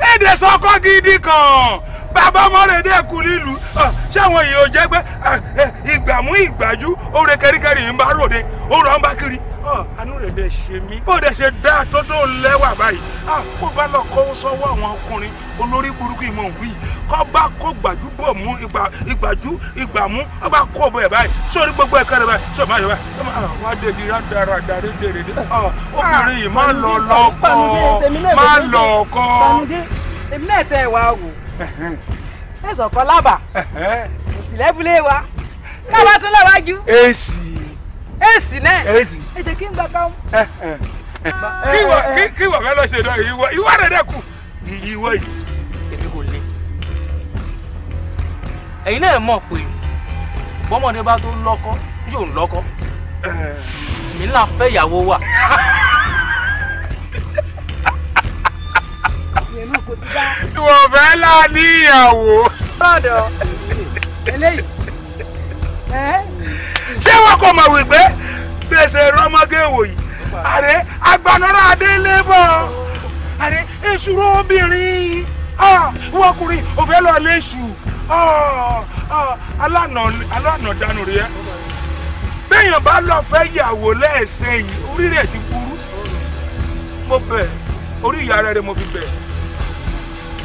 èdè sọkọ gidi kan bàbá ọmọrèdè kù nílùú ṣé àwọn èèyàn jẹ́ pé ìgbàmú ìgbàjú ó re kẹ́ríkẹ́rí ń bá ròde ó rọ̀ ń bá kiri ọ anú rẹ̀ dẹ̀ ṣe mí bó dẹ̀ ṣe dá tó tó lẹ́wà báyìí àpò bá lọ kó sọ́wọ́ àwọn ọkùnrin olórí burúkú ìmọ̀ wí kọ́ bá kó gbàdúgbò mú ìgbàjú ìgbàmú ọ bá kó ọbẹ̀ báyìí sórí gbogbo ẹ̀ka rẹ̀ báyìí sọ̀rọ̀ báyìí báyìí wọ́n á dèjì rádàrà dàrí dèrè dé obìnrin yìí má ah, lọ lọ́kọ́ má lọ ọkọ́. èmi náà tẹ ìwà wò [LAUGHS] ẹ̀sọ̀ kọ́ lábà òsì lẹ́bùlé wa ká bá tún lọ́wájú. èsì èsì náà èsì ẹ jẹ́ kí n gbà ká. kí ìwọ fẹ́ lọ ṣe dán ìwọ ìwọ rẹ̀ dẹ̀ kù ìwọ yìí èmi kò lè. ẹ̀yin náà mọ̀ pé bọ́mọdé bá tó lọ́kọ́ yóò lọ́kọ́ mi là fẹ́ ìyàwó wa. ìwọ fẹ́ la ní ìyàwó. eléyìí ṣé wọn kò mọ̀ wípé gbèsè rọmọgé wò yìí àrẹ agbanọ́rọ̀ adélébọ̀ àrẹ èṣù obìnrin wọ́n ọkùnrin òfẹ́ lọ léṣù alánà dànù rẹ bẹ́ẹ̀yàn bá lọ fẹ́ yàwó lẹ́ẹ̀sẹ̀ yìí orí rẹ̀ ti burú mo bẹ̀ orí ìyá rẹ̀ mo fi bẹ̀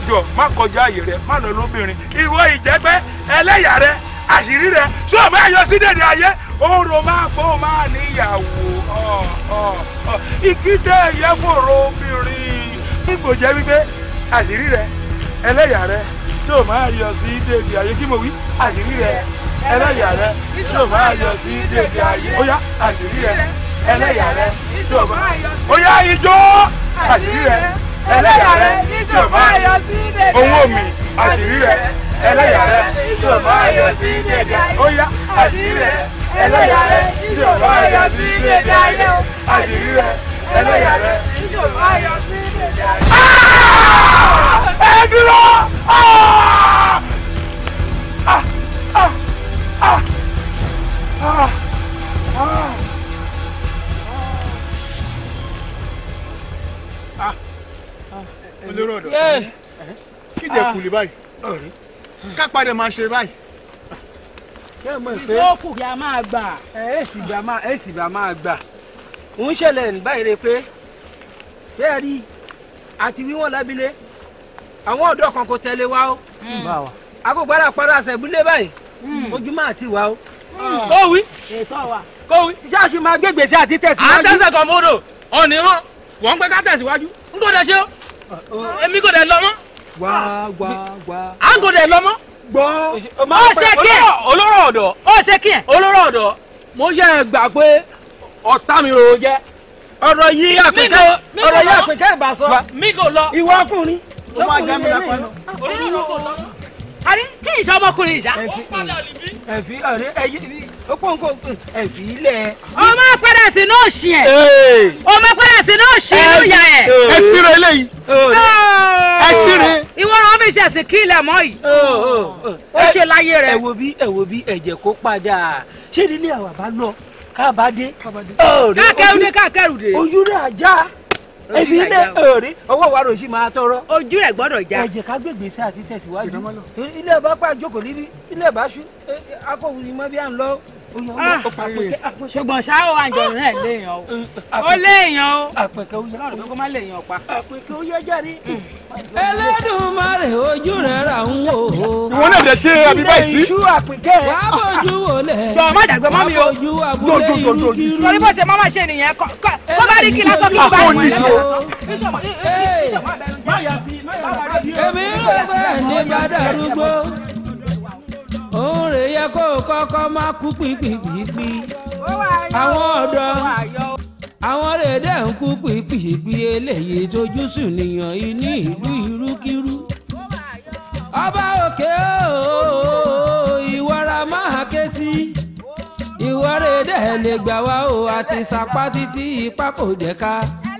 jọ má kọjá àyè rẹ má lọ lóbìnrin ìwọ ìjẹgbẹ́ ẹlẹ́yà rẹ àṣírí rẹ sọ ọmọ ẹyọ sí dèdè ayé oró máa gbó máa níyàwó ìkídé ìyẹ́fòrò obìnrin nígbò jẹ́ wípé àṣírí rẹ ẹlẹ́yà rẹ sọ ọmọ ẹyọ sí dèdè ayé kí mo wí àṣírí rẹ ẹlẹ́yà rẹ sọ ọmọ ẹyọ sí dèdè ayé ó àṣírí rẹ ẹlẹ́yà rẹ sọ ọmọ ẹyọ ijó àṣírí rẹ ẹlẹ́yà rẹ níjọba ayọ̀ sí dèdè. owó mi àṣírí rẹ ẹlẹ́yà rẹ níjọba ayọ̀ sí dèdè. ó yá àṣírí rẹ ẹlẹ́yà rẹ níjọba ayọ̀ sí dèdè àṣírí rẹ ẹlẹ́yà rẹ níjọba ayọ̀ sí dèdè ah! ẹ dúró. Ah! Ah! Ah! Ah! ah! ah! olóró ọ̀dọ̀ kíjẹ kùlì báyìí ká padà máa ṣe báyìí. ìṣókù kí a máa gbà. ẹ sì bá máa gbà ń ṣẹlẹ̀ báyìí rẹ pé ṣé ẹ rí àti wíwọ́n lábílé àwọn ọ̀dọ́ kan kò tẹ̀lé wa o àkógbára hmm. padà àṣẹ̀bílé báyìí hmm. ojúmọ́ àti wa o hmm. kó wí kó wí iṣẹ́ àṣìmọ́ agbègbèsè àti tẹ̀síwájú. àtẹ̀sẹ̀ kan mọ́dọ̀ ọ̀nìyàn wọ́n ń pẹ́ ká tẹ̀síwájú ń tó dẹ̀ ṣe o èmi kò dẹ̀ lọ́mọ́. wá wá wá. à ń kò dẹ̀ lọ́mọ́. gbọ́. ó ṣe kí ẹ olóró ọ̀dọ̀. ó ṣe kí ẹ olóró ọ̀dọ̀. mo ṣe gbà pé ọ̀tá mi ò jẹ́. ọ̀rọ̀ yìí àpèkẹ́ ọ̀rọ̀ yìí àpèkẹ́ ìbásọ. mi kò lọ. ìwọ ọkùnrin. ó máa jẹ́ mi lápá olóró ọ̀dọ̀. àrí kí ìṣọmọkùnrin ìṣá. ẹ fi ẹ fi ẹ opó nǹkan ẹ̀fì ilẹ̀. ọmọ padà sínú òṣì ẹ̀ ọmọ padà sínú òṣì inú ìyá ẹ̀. ẹ síre eléyìí ẹ síre. ìwọ ọ̀rọ̀ mi ṣẹ̀sìn kí ilẹ̀ mọ́ yìí ó ṣe láyé rẹ. ẹ wo bí ẹ wo bí ẹ̀jẹ̀ kó padà ṣé nílé àwa bá lọ kábàdé. kákẹ́rùdé kákẹ́rùdé. ojú rẹ̀ ajá èfi ilé ọ̀rẹ́ ọwọ́ wa rò sí máa tọrọ. ojú rẹ̀ gbọ́dọ̀ já. ẹ̀jẹ̀ ká gbègbè sí àti tẹ̀síwájú. ilé ọba pàjókòó níbí ilé ọba ṣú akọ̀wé ni mo bí à ń lọ ṣùgbọ́n ṣá o àjọyọ̀ náà léèyàn o ó léèyàn o ọlọ́run kó má léèyàn pa. àpèkè ó yẹ jẹ́rí. Ẹlẹ́dùmarè ojú rẹ̀ rà ń wò ó. ìwọ náà lè ṣe àbíbá ìsí. ilé iṣu àpèkè. wà á bójú wò lẹ̀. jọ̀ọ́ má dàgbẹ́ mọ́ mi o. torí bó ṣe máma ṣe nìyẹn kọ́ kó bá rí kí lásán kí ló bá rí mi. èmi ò fẹ́ ní òǹrè yẹ kó kọ́kọ́ má kú pípìpìpì àwọn ọ̀dọ́ àwọn rèédé ń kú pípìpì eléyìí tójú sùn nìyàn ní ìlú ọba òkè ooo ìwọra máa ké sí ìwọ rèédé lè gbà wá o àti sàpá títí ipá kò dé ká.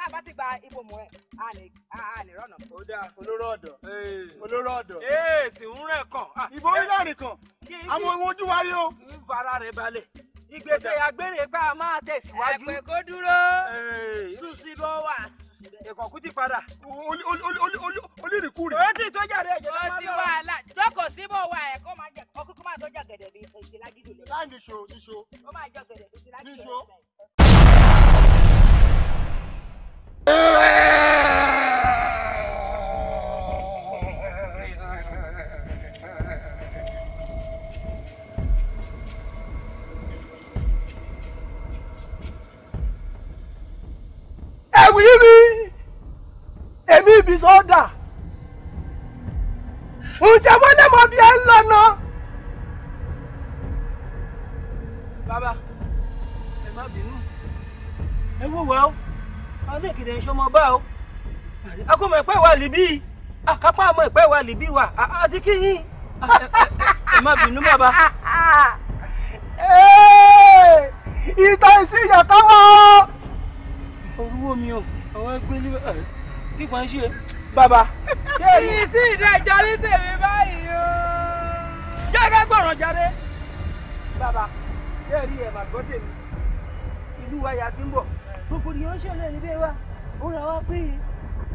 sábà ti gba ipò mọ́ ẹ̀ á lè ó dáa olóró ọ̀dọ̀ olóró ọdọ. ee ń rẹ̀ kàn. Ah, ìbò orílẹ̀ kan àwọn ohun ojú wáyé o. ń fara rẹ̀ balẹ̀ ìgbésẹ̀ àgbèrègbà máa tẹ̀síwájú. ẹ̀pẹ̀ kó dúró ṣùṣì ló wà. ìkọ̀kú ti padà. olírìkúrì. òye tó jáde ẹ̀jẹ̀ wàhálà jókòó wa ẹ̀ kó máa jẹ ọkùnrin máa tó gẹ̀dẹ̀ bíi ìṣìlágídò lẹ́yìn. láì ẹ̀wì mi èmi ibi sọ́dà ǹjẹ́ wọ́n lè mọ bí ẹ má bínú ẹ wúwo ọ́ ọlẹ́ ìkìlẹ̀ ìṣọmọ bá o akọ́mọ ẹ̀pẹ́ wà líbí àkápá ọmọ ẹ̀pẹ́ wà líbí wà àti kí ẹ má bínú bàbá. ìtàn ìsìyàn táwọn orúwó mi o àwọn ẹgbẹ́ ní kíkọ́ ń ṣe bàbá. yìí sí ìdájọ́ ní tèmi báyìí o. jẹ́gẹ́ gbọ̀ràn jáde. bàbá ṣé ẹ rí ẹ̀ màgbọ́ tèmi ìlú wa yà ti ń bọ̀ rògbòdìyàn ṣẹlẹ̀ níbẹ̀ wa ó ra wá pé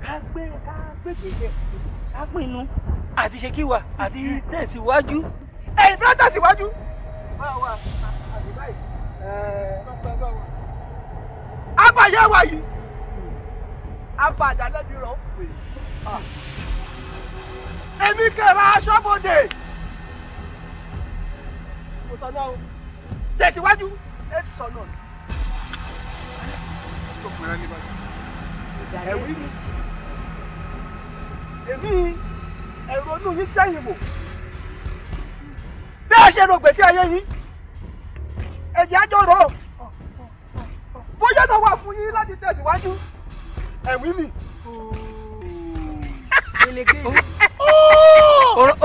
ká gbé ká gbé gbèsè ká pinnu àti ṣe kíwa àti tẹ̀síwájú. ẹ̀yin fẹ́ tẹ̀síwájú. báwa àti báyìí abàyẹ̀ wa yìí abàdà lẹ́bi rọ̀ pé èmi kẹra aṣọ́bodè mo sọ náà tẹ̀síwájú ẹ sọ náà tó fún ẹ níbàdí. ẹ̀wí mi èmi ẹ̀rọ inú yín sẹ́yìn wò bí a ṣe hmm. ro gbèsè ayé yìí ẹ̀jẹ̀ àjọ rò bóyá náà wà fún yín láti tẹ̀síwájú ẹ̀wí mi.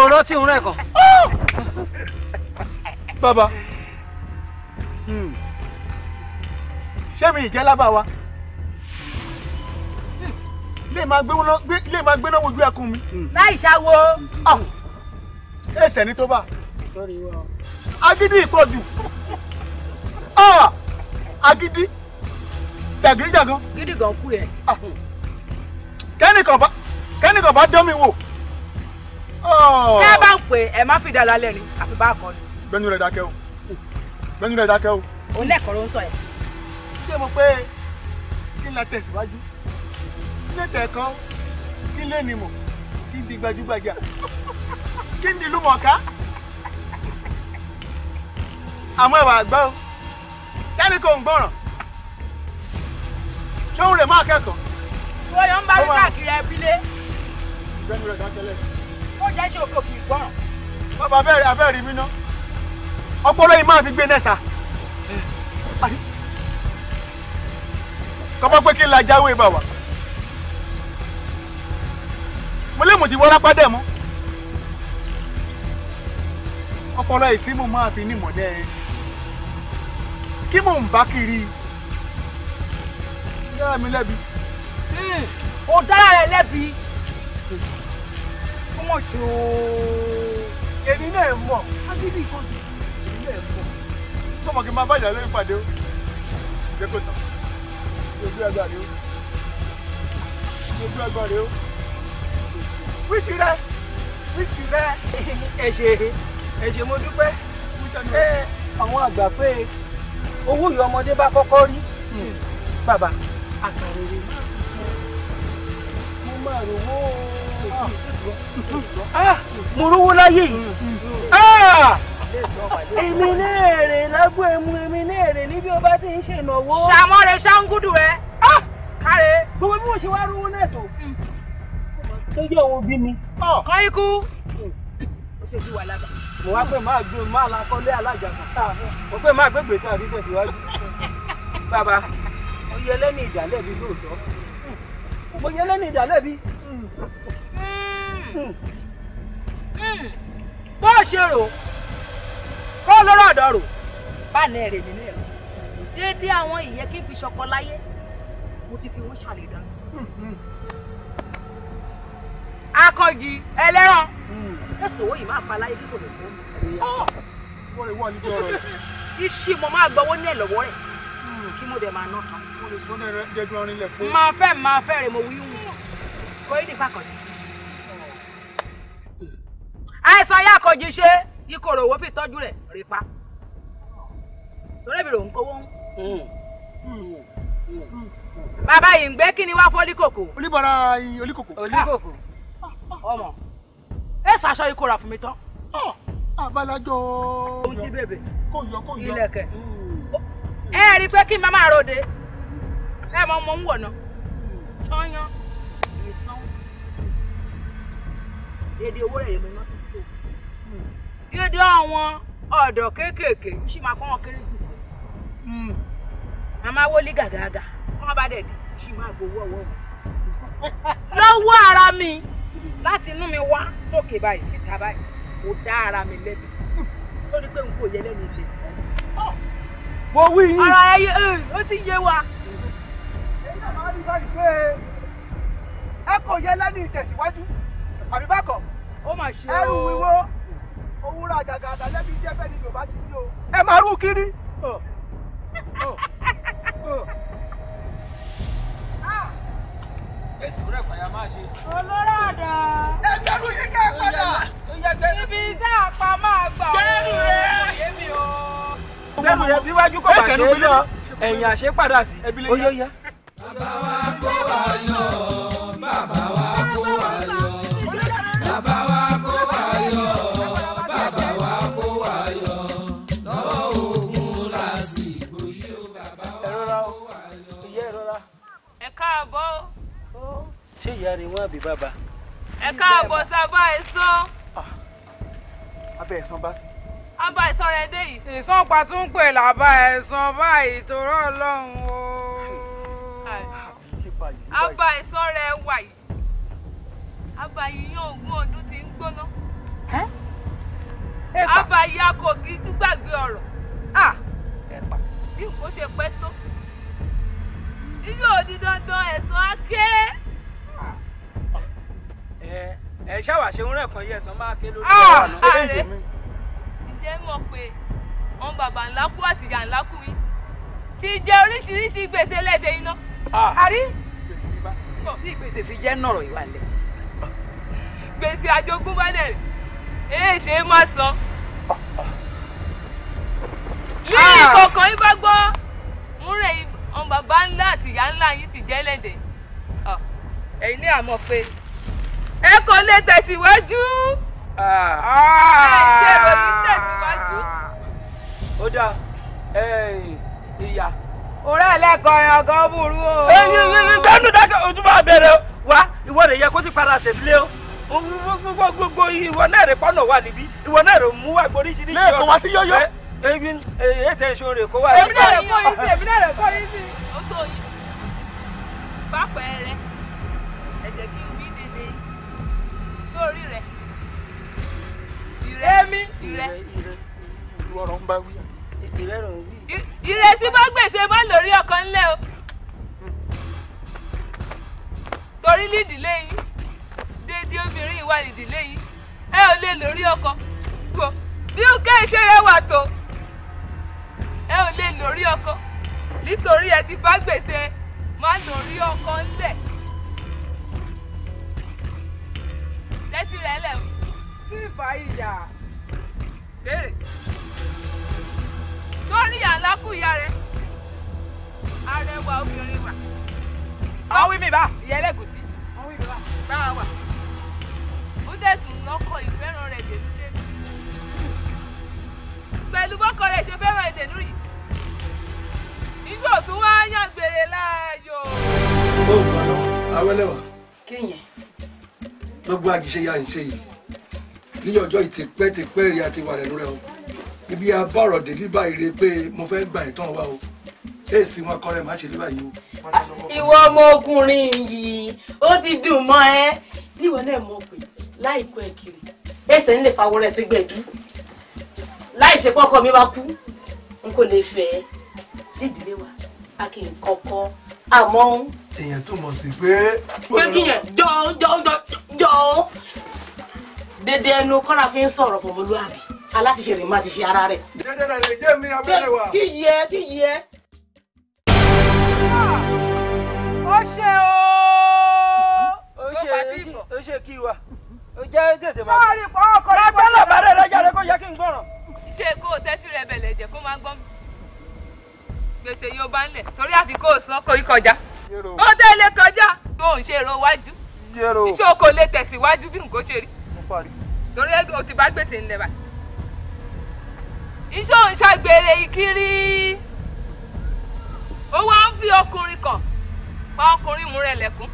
ọ̀rọ̀ tí ń rẹ̀ kàn. bàbá ṣé mi ìjẹ́ lábàá wa lè máa gbé lọ́wọ́ ojú ẹkùn mi. Hmm. láì ṣàwo. Ah. ẹsẹ̀ ní tó bá. agídí ìpọ̀jù. Ah. agídí jàgídíjàgan. gidi gan kú yẹn. Ah. kẹ́nìkan bá kẹ́nìkan bá dán mi wò. kẹ́ bá ń pè ẹ̀ má fi dàlà lẹ́ni àfi bá a kọ́ ni. gbẹ́nu rẹ̀ dákẹ́ o gbẹ́nu rẹ̀ dákẹ́ o. òun lẹ́kọ̀ọ́ ló ń sọ yẹn. ṣé mo pé kí n la tẹ̀síwájú ilé tẹ̀kan kí lé ni mọ̀ kí n di gbajúgbajà kí n di lúmọ̀ọ́ká àmọ́ ẹ̀wà àgbá o tẹ́lí kò ń gbọ́ràn ṣóun rè máa kẹ́kọ̀ọ́. wo yọ ń bá rí káàkiri ẹbílé. ìgbẹ́ni rẹ̀ dákẹ́lẹ̀. ó jẹ́ ṣe òkè òkè ìgbọ́ràn. bàbá abẹ́rẹ́ abẹ́rẹ́ mi ná ọpọlọ yìí máa fi gbé nẹ́sà kọ́mọ́ pé kí n la jáwé bàbá mo lè mú ti wọ́n rápá dẹ̀ mú. ọpọlọ ìsímù máa fi ní ìmọ̀lẹ́ ẹ kí mò ń bá kiri dára mi lẹ́bi. ò hmm, dára rẹ lẹ́bi ó mọ̀ tó èmi náà mọ̀ ábíbí kan tó èmi náà mọ̀. tọmọ kí n máa bá ìyàlẹ́ ìpàdé o jẹ́ kó tán ojú ẹgbàá rẹ o ojú ẹgbàá rẹ o. wíjúrẹ́ wíjúrẹ́ [LAUGHS] ẹ ṣé mo dúpẹ́ pé àwọn àgbà pé owó yìí ọmọdé bá kọ́kọ́ rí hmm. bàbá àkàrèrè mo máa rówó hmm. ah, mo rówó láyé hmm. ah! èmi emu èmi níbi ó bá ti ń ṣàmọ́ rẹ̀ rẹ̀ gbogbo bí mo ṣe wá rówó náà tó lójú òun bí mi. kọ́ ikú. ó ṣe bí wà lábà. mo wá pé máa gbé máa la kọ́lé alájàgbá. mo pé máa gbé gbèsè àbí tẹ̀síwájú. bàbá mo yẹ lẹ́nu ìdálẹ́bi lóòótọ́. mo yẹ lẹ́nu ìdálẹ́bi. bó o ṣe rò kó lọ́rọ̀ ọ̀dọ̀ rò bá ní èrè nínú déédéé àwọn ìyẹ́ kí n fi ṣọkọ láyé mo ti fi wọ́n ṣàlè dáná akọ̀jì ẹlẹ́ran hmm. ẹ̀sùn owó yìí máa fa láyé kíkò lè fún mi. iṣẹ́ mo máa gbọ́wọ́ ní ẹ̀ lọ́wọ́ rẹ̀ hmm. kí mo dẹ̀ máa ná tán. mo lè sọ náà dẹ́gbọ́n rin lẹ̀ fún. máa fẹ́ máa fẹ́ rẹ̀ mo wí wù kó yí nípa kọ̀jì. àìsàn ayé akọ̀jì ṣe ìkorò owó fi tọ́jú rẹ̀ rí pa torí mi rò ń kówó ń. Hmm. bàbá yìí ń gbé kí ni wá fọ́ olíkòkò. olíbọ̀rọ̀ olíkòkò. olíkòkò ọmọ ẹ ṣaṣọ ikú ra fún mi tán. abalajọ ah, ohun ti bèbè ilẹ̀kẹ̀ hmm. ẹ rí i pé kí n máa ròde ẹ mọ ọmọ ń wọ̀nà sanyán ìsan èdè owó rẹ̀ yẹn mi náà ti tó yédè hmm. àwọn ọ̀dọ́ kéékèèké ṣì máa kọ́ wọn kéré jù màmá hmm. wọlé gàgàgà kọ́ wọn bá dẹ̀ dé ṣì máa gbowó ọwọ́ wọn [LAUGHS] lọ́wọ́ ara mi láti inú mi wá sókè báyìí síta báyìí mo dá ara mi lẹ́bi lórí hmm, pé n kò yẹ lẹ́nu ilé ìfẹ́. Oh! mo wí yín. ara ẹ yé eh, ó ti yé wa. èyí náà máa ń rí báyìí pé ẹ kò yẹ lẹ́nu ìtẹ̀síwájú àbí bákọ̀. ó mà ṣe o ẹrù wíwó òwúrọ̀ àjàgàdà lẹ́bi jẹ́ fẹ́ni Yorùbá ti ní o. ẹ máa rú kiri. Oh. Oh. èsùnrẹ́ kọ̀yà máa ṣe. olóró ọ̀dà. ẹ jẹ́rú yìí kẹ́ ẹ padà. ibi iṣẹ́ àpá máa gbà ọ́. jẹ́rù rẹ̀. jẹ́rù rẹ̀ bí wájú ẹ̀yìn àṣẹ padà sí. oyóyá. bàbá wa kó wa yọ bàbá wa. ṣé ìyá ni wọ́n àbí bàbá. ẹ káàbọ̀ sábà ẹ̀sán. Ah, abẹ́ ẹ̀sán bá sí. abá ẹ̀sán rẹ dé yìí. ìsánpa tún ń pè lábá ẹ̀sán báyìí torọ́ ọlọ́run o. abá ah, ẹ̀sán rẹ wà yìí. abá yíyan ogún ọdún ti ń gbóná. abá ìyá kò kí gbàgbé ọ̀rọ̀. bí nǹkan ṣe pẹ́ tó. yíyó di dandan ẹ̀sán á ké ẹ ṣáwà ṣe ń rẹ̀kan yẹ sọ máa ké lórí ah, ọ̀rọ̀ àná. ààrẹ ah, ǹjẹ́ mọ̀ pé wọn bàbá ńlá kú àti ìyá ńlá kú yín ti jẹ oríṣiríṣi gbèsè lẹ́dẹ̀ iná. Ah. àrí kò sí gbèsè fi jẹ́ nọ̀rọ̀ ìwà lẹ̀. gbèsè àjogúnbá dẹ̀ èé ṣe é má sọ. ní ìkọ̀kọ̀ yín bá gbọ́ múrẹ̀ ọmọ bàbá ńlá àti ìyá ńlá yín ti jẹ́ lẹ́dẹ̀. ẹ̀yin ní àmọ́ pé ẹ kò lè tẹ̀síwájú ẹ ṣe kò ní tẹ̀síwájú. ó dà ìyá. òrẹ́ ẹlẹ́kọ̀ọ́ ẹ̀yàn kan burú o. dánú dákẹ́ ojúmọ́ abẹ́rẹ́ wa ìwọ rẹ̀ yẹ kó ti padà ṣèdílé o gbogbo gbogbo ìwọ náà rẹ̀ pọ́nà wà níbí ìwọ náà rẹ̀ mú wà gboríṣiríṣi ọ̀rọ̀ lẹ́ẹ̀kan wá sí yọ́yọ́ ebi eye tẹ ṣo re kó wà. èmi náà lè kó yín sí èmi náà lè kó yín sí. ó tó yìí pápá ẹ rẹ. gbé orí rẹ ìrẹ mi ìrẹ. ìrọ̀rọ̀ ń bá wí. ìrètí bá gbèsè bá lórí ọkọ ńlẹ o torí nídìílé yìí déédé obìnrin ìwà nídìílé yìí ẹ ò lè lórí ọkọ gbò bí ó ká iṣẹ́ rẹ wà tó ẹ ò lè lórí ọkọ nítorí ẹ ti bá gbèsè má lórí ọkọ ńlẹ̀. you, it? tẹ́tí rẹ̀ lẹ̀ You kí ìfà ìyà. béèrè. lórí ìyá ńlá kú ìyá rẹ̀ arẹwà obìnrin wà. àwọn wí mi bá ìyá ẹlẹ́gùsí. àwọn wí mi bá. bá a to ó dẹ̀ tún lọ́kọ̀ ìfẹ́ràn rẹ̀ délúdélú. pẹ̀lú bọ́kọ rẹ̀ ṣe fẹ́ràn ìdènú yìí. nígbà tó wá yàn gbèrè láàyò. ó gbọ́dọ̀ awẹ́lẹ́wà. kéèyàn gbogbo àjíṣe ya ń ṣe yìí ní ọjọ́ yìí ti pẹ́ ti pẹ́ rí àti wà lẹ́nu rẹ o ibi abọ́rọ̀ dé líbà ire pé mo fẹ́ gbà yín tán wa o èsì wọn kọrẹ má ṣe líbà yìí o. ìwọ ọmọkùnrin yìí ó ti dùn mọ́ ẹ níwọ náà mọ̀ pé láìkọ́ ẹ kiri èsè ń lè fa wọrẹ sí gbẹ̀dú láì ṣe pọkọ mi bá kú n kò lè fẹ́ ìdílé wa a kì í kọ́kọ́ àmọ́. èèyàn tó mọ̀ sí pé. pé kíyàn dédé ẹnu kọ́ra fi ń sọ̀rọ̀ fọmọlúwàbí alátiṣe rè má ti ṣe ara rẹ̀. dédé lè jẹ́ mi abẹ́rẹ́ kí yẹ kí yẹ. Ah, ó ṣe o ó ṣe ó ṣe kí wa ó jẹ́ tètè máa. sọ́ọ́rì pọ̀ ọkọ̀ rẹ̀ bẹ́ẹ̀ lọ bàrẹ̀ rẹ̀ kó yẹ kí n gbọ́ràn. ṣé kó o tẹ́tí rẹ bẹ̀lẹ̀ jẹ́ kó má gbọ́n gbèsè yóò bá ń torí àfi kó o sọ kó ó tẹ́lẹ̀ kọjá tó ń ṣe èrò iwájú iṣẹ́ oko lè tẹ̀síwájú bí nǹkan ṣe rí. torí ẹgbẹ́ o ti bá gbèsè ńlẹ̀ bá. iṣẹ́ òun ṣàgbére ìkiri ń fi ọkùnrin kan pa ọkùnrin mú rẹ̀ lẹ́kún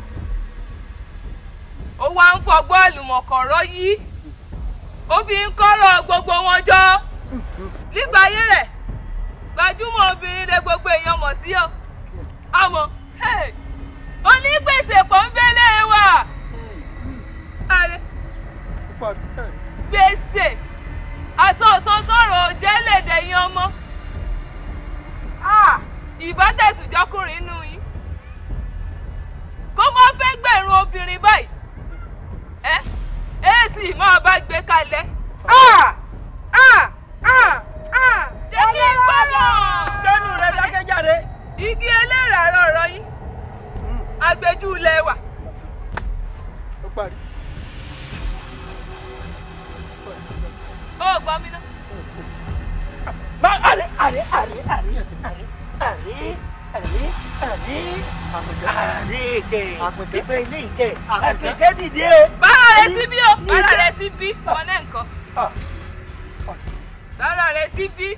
ó wá ń fọgbọ́ àlùmọ̀kọ̀rọ̀ yìí ó fi ń gbogbo wọn jọ nígbà ayé obìnrin gbogbo èèyàn mọ̀ sí ọ ọmọ onígbèsè pọ̀ ń bẹ́lẹ̀ wà. gbèsè àtọ̀tọ̀ tọrọ jẹ́ lèdè yín ọmọ ìbátẹ̀tùjọkùnrin inú yín kó má fẹ́ gbẹ̀rún obìnrin báyìí ẹ ẹ sì máa bá gbé kalẹ̀. jẹ́ kí n gbọ́dọ̀. kẹ́nu rẹ dákẹ́jáde. igi eléèrà rọ̀rọ̀ yín agbẹjúlẹ̀ wà. ó parí. ó gbọ́ mi ná. àrí àrí àrí àrí àrí àrí àrí àrí àrí ìkẹ ìpè ilé ìkẹ àkèké dìde o. bára rẹ sí bí o bára rẹ sí bí wọn náà nǹkan bára rẹ sí bí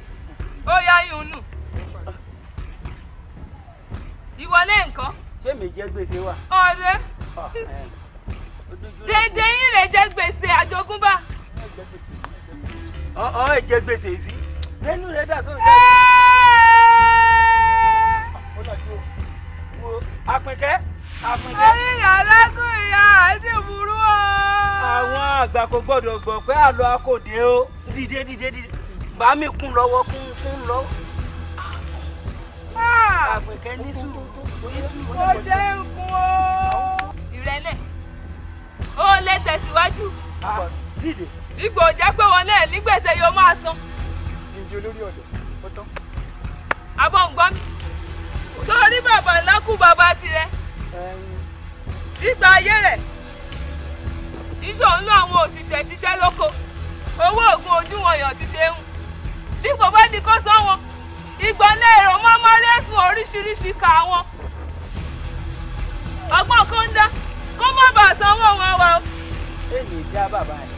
ó yá yún nù ìwọlé nǹkan. ṣé mi jẹ gbèsè wa. ọ̀rẹ́ dédé yín rẹ̀ jẹ́ gbèsè àjogúnbá ọ ẹ jẹ gbèsè sí lẹ́nu rẹ dà sóhun jẹ. àpínkẹ́ àpínkẹ́. oríyìn alágún ìyá àti burú o. àwọn àgbà kò gbọ́dọ̀ gbọ́ pé àlọ́ akòdé o dìde dìde dìde bá mi kún lọ́wọ́ kún kún lọ. Ah! àpínkẹ́ ní sùúrù ó jẹ́ ikun o. ìrẹ́lẹ̀ ó lè tẹ̀síwájú. Ah, dìde igbó jẹ́ pé wọn náà ní gbèsè yóò máa san. ìjì olórí ọ̀dọ̀ ó tán. àbọ̀ ń gbọ́ mi torí bàbá ńlá kú bàbá tirẹ̀ nígbà ayé rẹ̀ iṣẹ́ òun lọ àwọn òṣìṣẹ́ ṣiṣẹ́ lóko owó oògùn ojú wọn yàn ti ṣe ń dípò bá ní kó sọ wọn ìgbọ́n lẹ́rọ mọ́mọ́ rẹ́sùn oríṣiríṣi kà wọn ọgbọ́n kan dá kó má bàa sanwó wọn wá o. èmi dá bàbá yẹn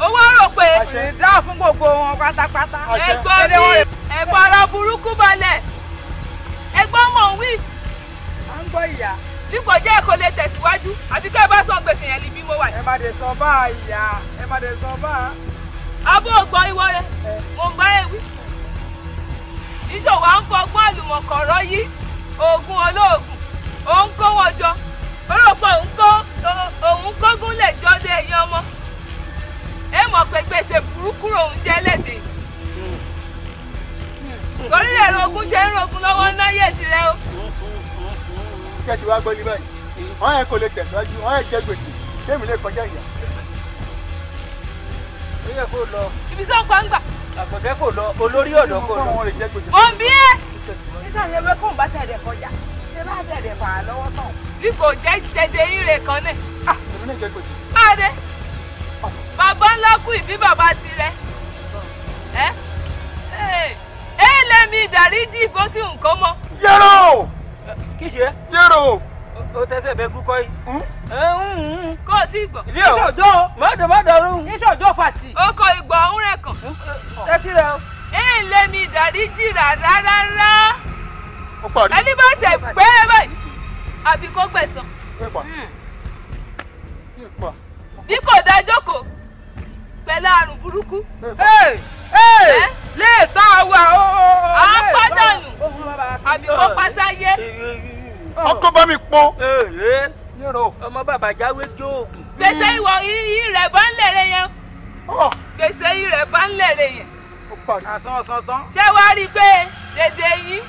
ó wá rò pé dáa fún gbogbo wọn pátápátá ẹ̀gbọ́n mi ẹ̀gbọ́n ọ̀rọ̀ burúkú balẹ̀ ẹ̀gbọ́n mọ̀ ń wí. à ń gbọ́ ìyá. dípò jẹ́ èkó lè tẹ̀síwájú àti kẹ́ ẹ bá sọ gbèsè yẹn níbí mo wà. ẹ má dé sọ bá a ìyá ẹ má dé sọ bá a. abó ògbọ́n ìwọ rẹ mò ń bá ewì. ìṣòwò à ń fọgbọ́n àlùmọ̀kọ̀rọ̀ yìí oògùn olóògùn òun kó jọ ó rò pé òun kó òun kógún lè jọ dé èyí ọmọ ẹ mọ̀ pé gbèsè burúkú òun jẹ́ léde torí ẹ̀rọ ogun ṣe ń rogun lọ́wọ́ náyè tirẹ̀ o. kí ẹ ti wá gbọ́ ní báyìí wọ́n yẹ kó lè tẹ̀síwájú wọ́n yẹ jẹ́ gbèsè kéèmì lè kọjá ìyá. ó yẹ kó lọ. ibi tí wọ́n pa ń gbà. àkọ́jẹ́ kò lọ olórí ọ̀dọ́ kò lọ. mo ń bí ẹ́. nítorí ewé kò ń bá tẹ̀lé kọjá ṣé bá tẹ̀lé fà á lọ́wọ́ tán. bí kò jẹ́ tẹ̀lé ire kan náà. ah èmi náà jẹ́ gbèsè. máa dé bàbá ńlá kú ìbí bàbá tirẹ̀ ẹ lèmi ìdáríjì bó ti nǹkan mọ́. yẹ́rọ. kí ṣe. yẹ́rọ. o tẹsẹ̀ bẹ gúkọ yìí. Hmm? kó o ti gbọ̀. ilé o ìṣòjò. mọ́tò mọ́tò ọ̀run. ìṣòjò fàtì. o kọ ọ̀hún rẹ̀ kàn. Hmm? tẹ́tí rẹ o. ẹ lèmi ìdáríjì rárá rárá. ó parí. ẹni bá ṣe pé e báyìí àbí kó gbẹ̀san. Hmm. bí kò dájọ́ kò bẹ láàrùn burúkú. léètọ́ àwa o. à ń pàdánù oh, àbí wọ́n pásáyé. ọkọ bá mi pọn. ọmọ bàbá jáwé jó oògùn. gbèsè ìwọ ìrẹ̀ bá ń lèrè yẹn. gbèsè ìrẹ̀ bá ń lèrè yẹn. àsan ọ̀sán tán. ṣé wàá rí i pé dèdè yín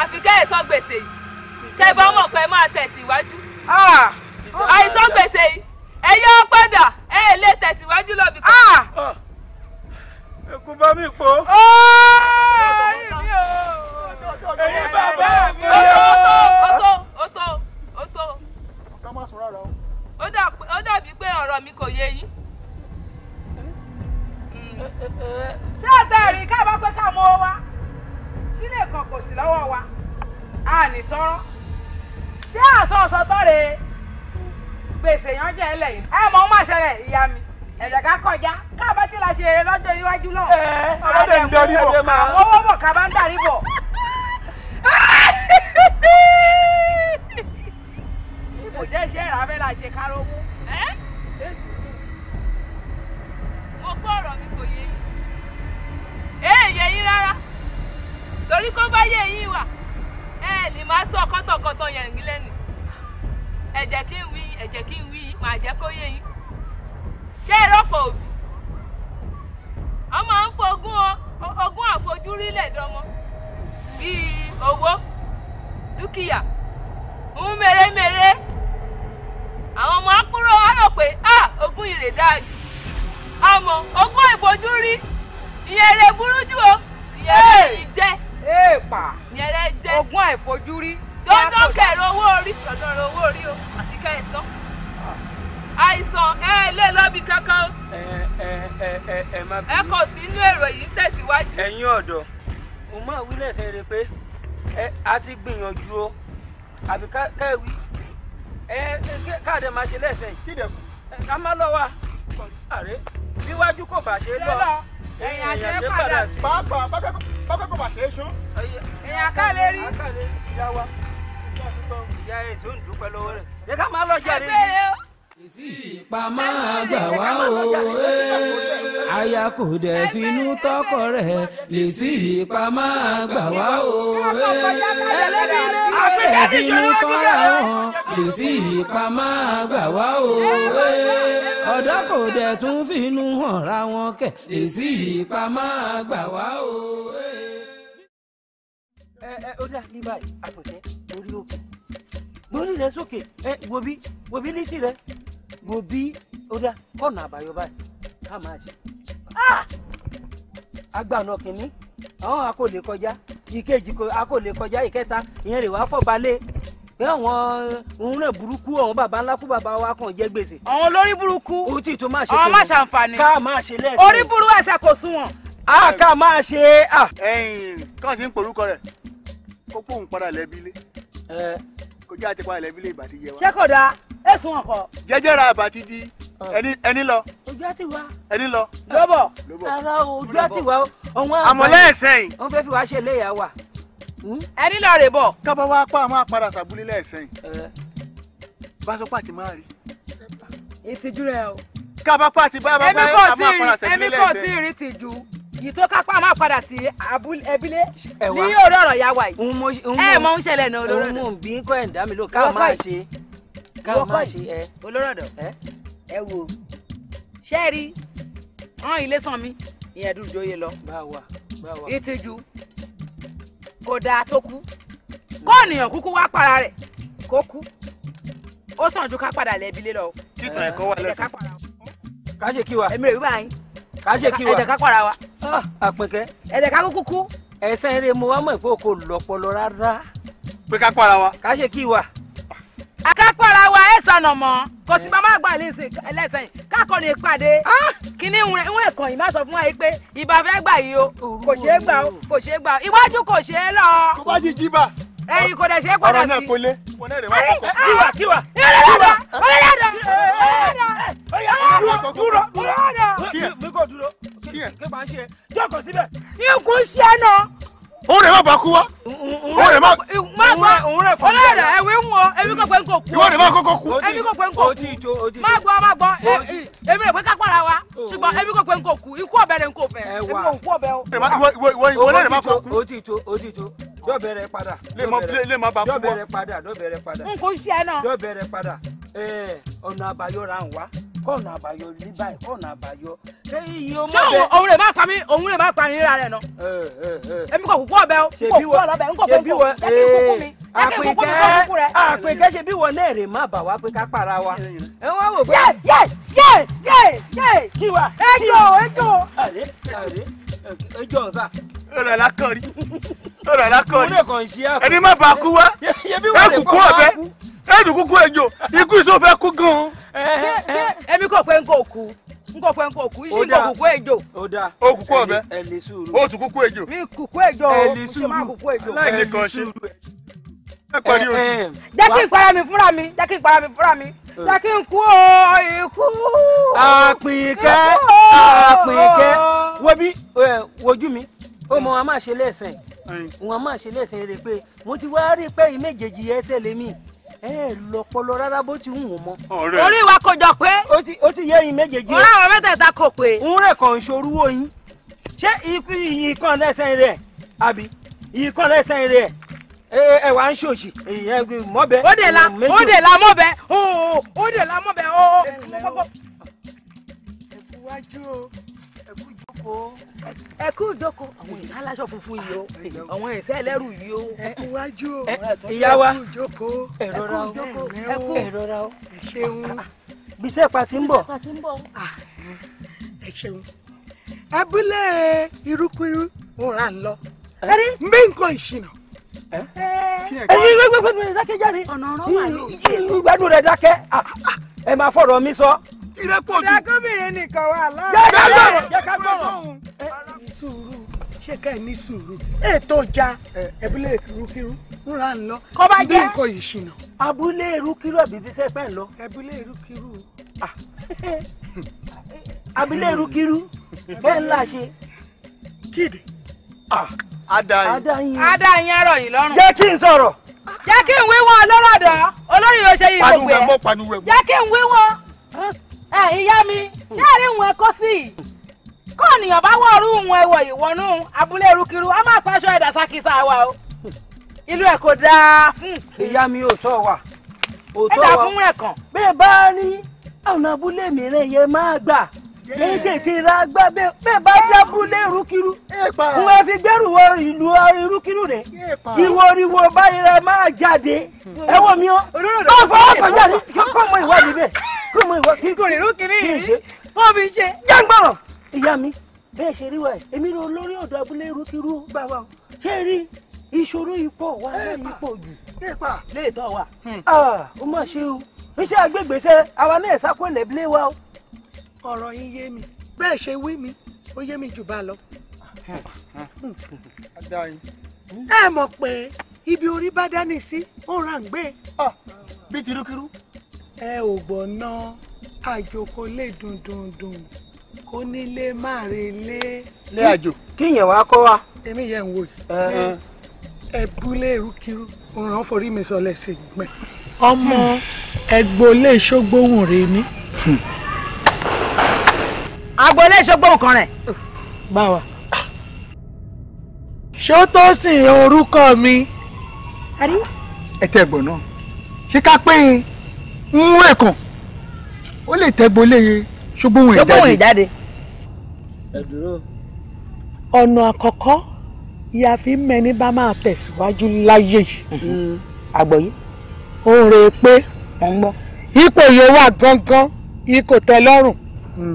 àfi kẹ́ ẹ̀ sọ gbèsè yìí. ṣé ìbọn mọ̀ pé máa tẹ̀síwájú. Ah. àìsàn gbèsè yìí ẹ yọ ọ padà ẹ ẹ lè tẹ̀síwájú lọ bí kan. Ah! ẹkún bá mi pò. ẹyin bàbá mi o. ọtọ ọtọ ọtọ. ọ̀gá má sọ rárá o. ó dàbí pé ọ̀rọ̀ mi kò yé yín ṣé ọ̀tẹ́ rí ká bá pé ká mọ wa sílé kan kò sí lọ́wọ́ wa a nì tán ṣé àsọ̀ọ̀sọ̀ tọ́re gbèsè yàn jẹ́ ẹlẹ́yìn ẹ mọ̀ ọ́n má ṣẹlẹ̀ ìyá mi ẹ̀jẹ̀ ká kọjá káàbá tí la ṣe eré lọ́jọ́ iwájú náà. ẹ ọmọdé ń darí bọ̀ àwọn owó bọ̀ kábà ń darí bọ̀. kò jẹ́ iṣẹ́ ìràbẹ́ la ṣe kárọ́mú. mo gbọ́ ọ̀rọ̀ mi kò yé yín èè yé yín rárá torí kó bá yé yín wà ẹ lè máa sọ kọ́tọ̀kọ́tọ̀ yẹn lẹ́nu. ẹ jẹ́ kí n wí ẹ kí n wí màá jẹ́ kó yé yín ṣé òbí ọmọ ń fogún ogún àfojúrí bíi owó dúkìá ń àwọn ọmọ akúrò rò pé ogún ogún ìfojúrí o ìyẹn rẹ̀ jẹ́ ìyẹn rẹ̀ ogún àìfojúrí ọlọ́run kẹrù owó orí ọlọ́run owó orí o àti kẹsàn àìsàn ẹ lè lọ́bi kankan ẹ kò sí inú èrò yìí ń tẹ̀síwájú. ẹ̀yin ọ̀dọ́ mo máa wí lẹ́sẹ̀ rẹ pé a ti gbìyànjú o àbí kẹ́wì káàdé máa ṣe lẹ́sẹ̀ yìí ká má lọ wa àrẹ bíwájú kò bá ṣe lọ ẹ̀yìn àṣẹ padà sí. pàápàá bákẹ́kọ̀ọ́ bá ṣe é ṣó. ẹ̀yìn àkàlẹ́ rí. àkàlẹ́ rí yá wa ìyá èso ń dúpẹ́ lọ́wọ́ rẹ̀ yẹ ká máa lọ jáde. èsì ìpamọ́ àgbà wá o aya kò dẹ̀ finú tọkọ rẹ̀ lèsì ìpamọ́ àgbà wá o ẹ̀ finú tọ́ra wọn lèsì ìpamọ́ àgbà wá o ọ̀dọ́ kò dẹ̀ tún finú hàn ra wọn kẹ̀ lèsì ìpamọ́ àgbà wá o. ẹ ẹ ó dà ní báyìí àpòtẹ́ orí òkè gbórí rẹ sókè ẹ wo bí wo bí lísì rẹ wo bí orí ọ̀nà àbáyọ báyìí ká máa ṣe. Ah! agbàna kìíní àwọn akólè kọjá ìkejì akólè kọjá ìkẹta ìyẹn rè wá fọbalẹ̀ pé àwọn òun náà burúkú àwọn baba ńlá kú baba wa kàn jẹ gbèsè. àwọn olórí burúkú ohun tí ìtò máa ṣe tó àwọn máa ṣàǹfààní ká máa ṣe lẹ́sẹ̀. orí burú ẹ̀sẹ̀ kò sún wọn. a ká máa ṣe a. ẹyin káà sí ń porúkọ rẹ kó pòun padà lẹbi ilé. ẹ kọjá àti pa ilẹ̀ ìbílẹ̀ ìbàdí yẹ wa. ṣé kò dáa ẹ sùn ọkọ. jẹjẹ ra àbàtì di ah. ẹni lọ. ojú àti wa. ẹni lọ. lọ́bọ̀ ara ojú àti wa ọ̀wọ́n. àmọ́lẹ́ ẹ̀sẹ̀ yìí. wọ́n fẹ́ fi wá ṣe léyà wa. Hmm? ẹni lọ rè bọ̀. tọ́ba wa pa àwọn àpárá sàbúlé lẹ́ẹ̀sẹ̀ yìí. báṣọpá ti máa rí. ìtìjú rẹ o. kábàpá ti bá bàbá àwọn àpárá sàbúlé lẹ́ẹ̀sẹ̀ yìí. ẹmí kò tí ì rí tìjú yìí tó kápá máa padà sí ẹbílẹ̀ ní orí ọ̀rọ̀ ya wa yìí ẹ mọ ń ṣẹlẹ̀ náà olóró ọ̀dọ̀. òun bí kọ́ ẹ̀ ń dá mi ló ká máa ṣe ká máa ṣe ẹ. olóró ọ̀dọ̀ ẹ wo ṣé rí rán ilé sàn mi ìyẹn dùn jóye lọ ìtìjú kò dáa tó kú kó ènìyàn kúkú wá para rẹ̀ kó kú ó sàn ju ká padà lẹ́bílẹ̀ lọ. títàn ẹ̀kọ́ wà lẹ́sìn. ká ṣe kí wa. èmi rè wíwá yín ká ṣe kí wa ẹ̀jẹ̀ ká para wa. Ah, àpèkẹ́. ẹ̀jẹ̀ ká kúkú kú. ẹ̀sẹ̀ eré mo wá mọ̀ pé o kò lọ́pọlọ rárá. pé ká para wa. ká ṣe kí wa. akápọ̀ra wa ẹ̀ sànà mọ́ kò sí bàbá àgbà ẹlẹ́sìn ẹlẹ́sìn kákọ́ ni ìpàdé ah! kíní ìwọ̀n ẹ̀kọ́ yìí má sọ fún wa yìí pé ìbá fẹ́ gbà yìí o kò ṣeé gbà o kò ṣeé gbà o iwájú kò ṣeé lọ. tó bá di jíbà ẹyin kò dẹ̀ ṣe é padà sí. ọ̀rọ̀ kíwà kíwà kíwà ọ̀rẹ́dà dúró dúró mi kò dúró kí máa ṣe jókòó síbẹ̀. ikú ṣe náà. òun rẹ̀ má bàa kú wá. òun rẹ̀ má. má gbọ́ ọlọ́ọ̀dà ń wọ ẹ̀mí kò pé ń kò kú. ìwọ rẹ̀ má kókó kú. ẹ̀mí kò pé ń kò kú. má gbọ́ má gbọ́ èmi rẹ̀ pé ká pàrà wa ṣùgbọ́n ẹ̀mí kò pé ń kò kú ikú ọ̀bẹ rẹ̀ ń kò fẹ́. ẹ̀wà ìwọ ìwọ ìwọ lẹ́rẹ̀ má kó kú. ó ti tó ó ti tó yóò bẹ̀rẹ̀ padà. lè mọ lè mọ bá kú bọ́. yóò bẹ̀rẹ̀ padà yóò bẹ̀rẹ̀ padà. n kò ṣe náà. yóò bẹ̀rẹ̀ padà ọ̀nà àbáyọ ra ń wá kọ́ọ̀nà àbáyọ rí báyìí kọ́ọ̀nà àbáyọ. ṣé iye o mọ̀ bẹ́ẹ̀. òun lè má pa mí òun lè má pa yín ra rẹ̀ nà. èmi kò kúkú ọbẹ̀ o kò kúkú ọlọ́bẹ̀ n kò kúkú mi ẹ̀kí kúkú mi ẹ̀kí kúkú mi kò kúkú rẹ̀. àpèkẹ́ ṣe bí wọn náà rè má bà wá pé ká para wa. ẹ wá wò pé. yé yé yé yé yé kí wa. ejò ejò. àlè àlè ojú ọ̀hún sá. ọ̀rọ̀ alákọ̀ọ́rí ọ̀rọ̀ alákọ̀ọ́rí ẹni má bàa kú wá ẹkù kú ọ̀bẹ ẹdùn kúkú ẹjọ ikú iṣó fẹ́ kú gan. ẹbí kò pé n kò kú n kò pé n kò kú iṣu n kò kúkú ẹjọ. o kúkú ọ̀bẹ o tún kúkú ẹjọ. mi kúkú ẹjọ o mo ṣe má kúkú ẹjọ. láì ní kan ṣe. jẹ́ kí n para mi fúnra mi jẹ́ kí n para mi fúnra mi jẹ́ kí n kú o ikú. àpìkẹ́ àpìkẹ́ wo bí wojú mi ó mọ wọn máa ṣe lẹ́sìn wọn máa ṣe lẹ́sìn rẹ pé mo ti wá rí i pé ìméjèèjì ẹ tẹ̀lé mi ẹ lọpọlọ rárá bó ti ń wò mọ. orí wa kò jọ pé. ó ti yẹ ìméjèèjì. ọ̀rọ̀ àwọn mẹ́tẹ̀ẹ̀ta kò pé. ń rẹ̀ kàn ń ṣorúwó yín ṣé ikú ìyìn lẹ́sìn rẹ̀ àbí ìyìn lẹ́sìn rẹ̀ ẹ wà ń ṣòṣì ìyẹn mọ́bẹ. ó dè la ó dè la mọ́bẹ ó dè la mọ́bẹ ó. ẹkú wájú o ẹkú jókòó. ẹkú jókòó àwọn ìyá aláṣọ funfun yìí o àwọn ẹsẹ ẹlẹ́rù yìí o. ẹkú wájú o ìyá wa ẹkú jókòó o jókòó ẹkú ìrora o. ẹ ṣeun. bisẹ́ ìpa ti ń bọ̀. Ah, ẹ ṣeun. abúlé irúkúrú ń ràn lọ. ẹ rí. mbí nǹkan ìṣìnà gbẹgbẹgbẹgbẹ dákẹ́jáde gbẹdùn rẹ dákẹ́ ah, ah, ẹ máa fọ̀rọ̀ mi sọ. tirẹ pọ̀ jù. ìdákọ́bìnrin nìkan wà láàrin. jẹ́ ká gbọ́rọ̀ ṣé ká ẹ ní sùúrù ètò ìjà ẹbílẹ̀ ìrúkírú rúra ń lọ kọ́ bá jẹ́ nǹkan ìṣìnà. abúlé ìrúkírú àbí títẹ́ pẹ́ ń lọ. ẹbílẹ̀ ìrúkírú. Ah. abúlé ìrúkírú bẹ́ẹ̀ ńlá ṣe. kíde. adáyín adáyín yìí lọrùn jẹ́ kí n sọ̀rọ̀. jẹ́ kí n wíwọ́n ọlọ́rọ̀dọ̀ olórí yóò ṣe yìí gbogbo ẹ̀. pariwo panu jẹ́ kí n wíwọ́n ẹ ìyá mi ṣé àrí ìwọ̀n ẹ̀kọ́ sí i kọ́ọ̀nìyàn bá wọ̀ abúlé erukiru a máa paṣọ ẹ̀dà sákìsà wa o ìlú ẹ̀ kò dáa. Hmm. ìyá mi kéékèèké la gbá bẹ́ẹ̀ bá jábúlé irúkirú fún ẹ fi gbẹ́rù wọ ìlú irúkirú rẹ̀ ìwọ ìwọ báyìí rẹ máa jáde hmm. ẹ wọ mi ọ ọ fọwọ́ kan jáde kọ́ mọ ìwọ níbẹ̀ kọ́ mọ ìwọ kí kòrè irúkirú yìí wọ́n fi ṣe. jẹ́ǹgbọ̀rọ̀ ìyá mi bẹ́ẹ̀ ṣe rí wa ẹ̀ èmi ló lórí ọ̀dọ̀ abúlé irúkirú bàbá ṣé rí ìṣòro ipò wa lẹ́yìn ipò jù léètọ́ wa ó mà ṣe o iṣẹ́ agbègbèsẹ́ àwa náà ṣàkóso ilẹ̀ bílé wa o ọ̀rọ̀ yín yé mi bẹ́ẹ̀ ṣe wí mi ó yé mi jù bá lọ. ẹ mọ̀ pé ibi orí bá dání sí ó ra ń gbé. bí tirúkirú. ẹ ò gbọ́ ná àjòkó lè dùn dùn dùn kó nílé má relé. lé àjò. kíyàn wá kó wa. èmi yẹn ń wò yìí. ẹbúlé irúkirú òràn forí mi sọlẹ̀ sí gbẹ. ọmọ ẹgbẹ́ olè ṣógbóhùn rèé mi àgbo eléṣogbó kan rẹ̀. báwa ṣé ó tó sìn orúkọ mi. ẹ tẹ ẹgbọn náà ṣé ká pé ń mú ẹ̀kàn ó lè tẹ́gbó léye ṣùgbọ́n òun ìjáde. ọ̀nà àkọ́kọ́ ìyá fi ń mẹ́ni bá máa tẹ̀síwájú láyé yìí. Mm. àgbọ̀yé. ó rè é pé ipò yóò wà gangan ikò tẹ́ lọ́rùn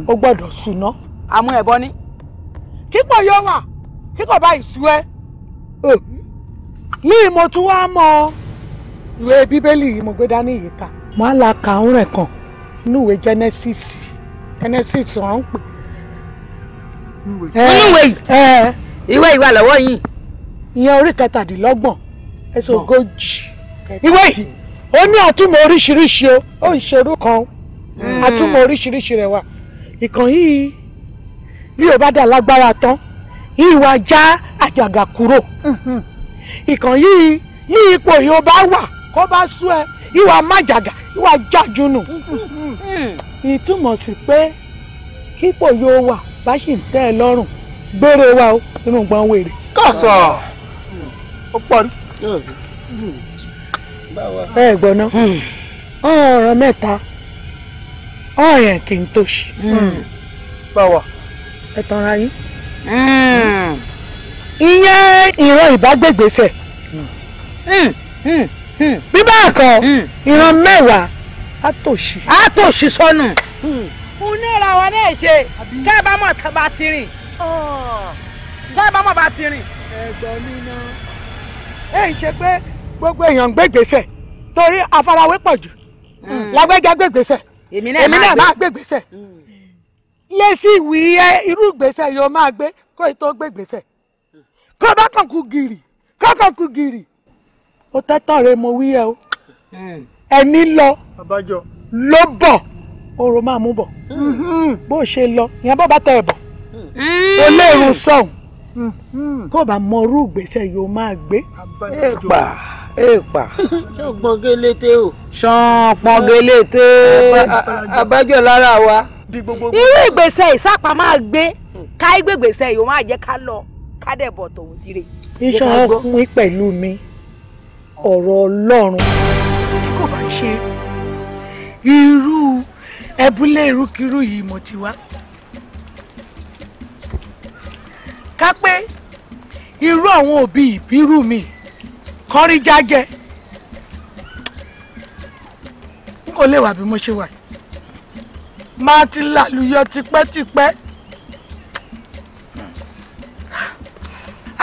ó gbọ́dọ̀ ṣúná. àmú ẹ̀bọ ni kíkọ yóò wà kíkọ bá ìṣú ẹ ní ìmọ̀ tún wá mọ ìwé bíbélì yìí mo gbé dání yìí ká mo á la ka ń rẹ̀ kàn nínú ìwé Genesis Genesis wọn ń pè. nínú ìwé yìí ìwé ìwà lọ́wọ́ yìí. ìyẹn orí kẹtàdínlọ́gbọ̀n ẹsẹ̀ ogójì ìwé yìí ó ní àtúmọ̀ oríṣiríṣi o ó ń ṣerú kan hmm. àtúmọ̀ oríṣiríṣi rẹ̀ wà ìkàn yìí bí o bá dà lágbára tán yìí já àjàgà kúrò mm-hmm. ìkàn yìí yìí ipò yìí o bá wà kó bá sú ẹ yìí wá má jàgà yìí wá já junù mm-hmm. ìtumọ̀ sí pé kípò yóò wà bá sì ń tẹ́ ẹ lọ́rùn gbére wa o inú gbọ́n wèrè. kọ̀sọ̀ ó pọ̀rí. Mm-hmm. ẹ gbọ́ná ọ̀ràn mẹ́ta ọ̀rẹ́ kì í tòṣì. báwa. ẹ tanra yín. Hmm. ìyẹn ìran ìbágbègbèsẹ̀ hmm. hmm. bí báà kọ́ ìran mẹ́wàá á tòṣì. á tòṣì sọnù. òun náà ra àwọn náà ṣe kẹ́ ẹ bá mọ̀ tá a bá ti rìn kẹ́ ẹ bá mọ̀ bá ti rìn. ẹ̀gbọ́n mi náà. ẹ ń ṣe pé gbogbo èèyàn ń torí àfarawé pọ̀ lágbẹ́jà gbé èmi náà máa gbé gbèsè hmm. lẹ́sí ìwì irú gbèsè yóò máa gbé kó ètò gbé gbèsè kó bá kàn kú gìrì kó kàn kú gìrì ó tẹ́tọ̀ rẹ mo wí ẹ o hmm. ẹni lọ ló bọ̀ oró máa mú bọ̀ hmm. bó ṣe lọ ìyẹn bọ́ bá tẹ ẹ̀ bọ̀ ó léèrú sọ̀hún kó bá mọ irú gbèsè yóò máa gbé èèpà. ṣọ̀gbọ́n gélété o. ṣọ̀pọ̀n gélété. àbájọ lára wa. irú ìgbésẹ̀ ìsápá máa gbé ká ìgbègbèsẹ̀ yìí ó máa jẹ́ ká lọ ká dẹ̀ bọ̀ tòun dire. iṣan ọkùnrin pẹ̀lú mi ọ̀rọ̀ ọlọ́run kò bá ṣe irú ẹbúlé irúkirú yìí mo ti wá. ká pé irú àwọn òbí ìbírú mi kọrí jágẹ n kò lè wà bí mo ṣe wà máa ti làlùyọ tipẹ́tipẹ́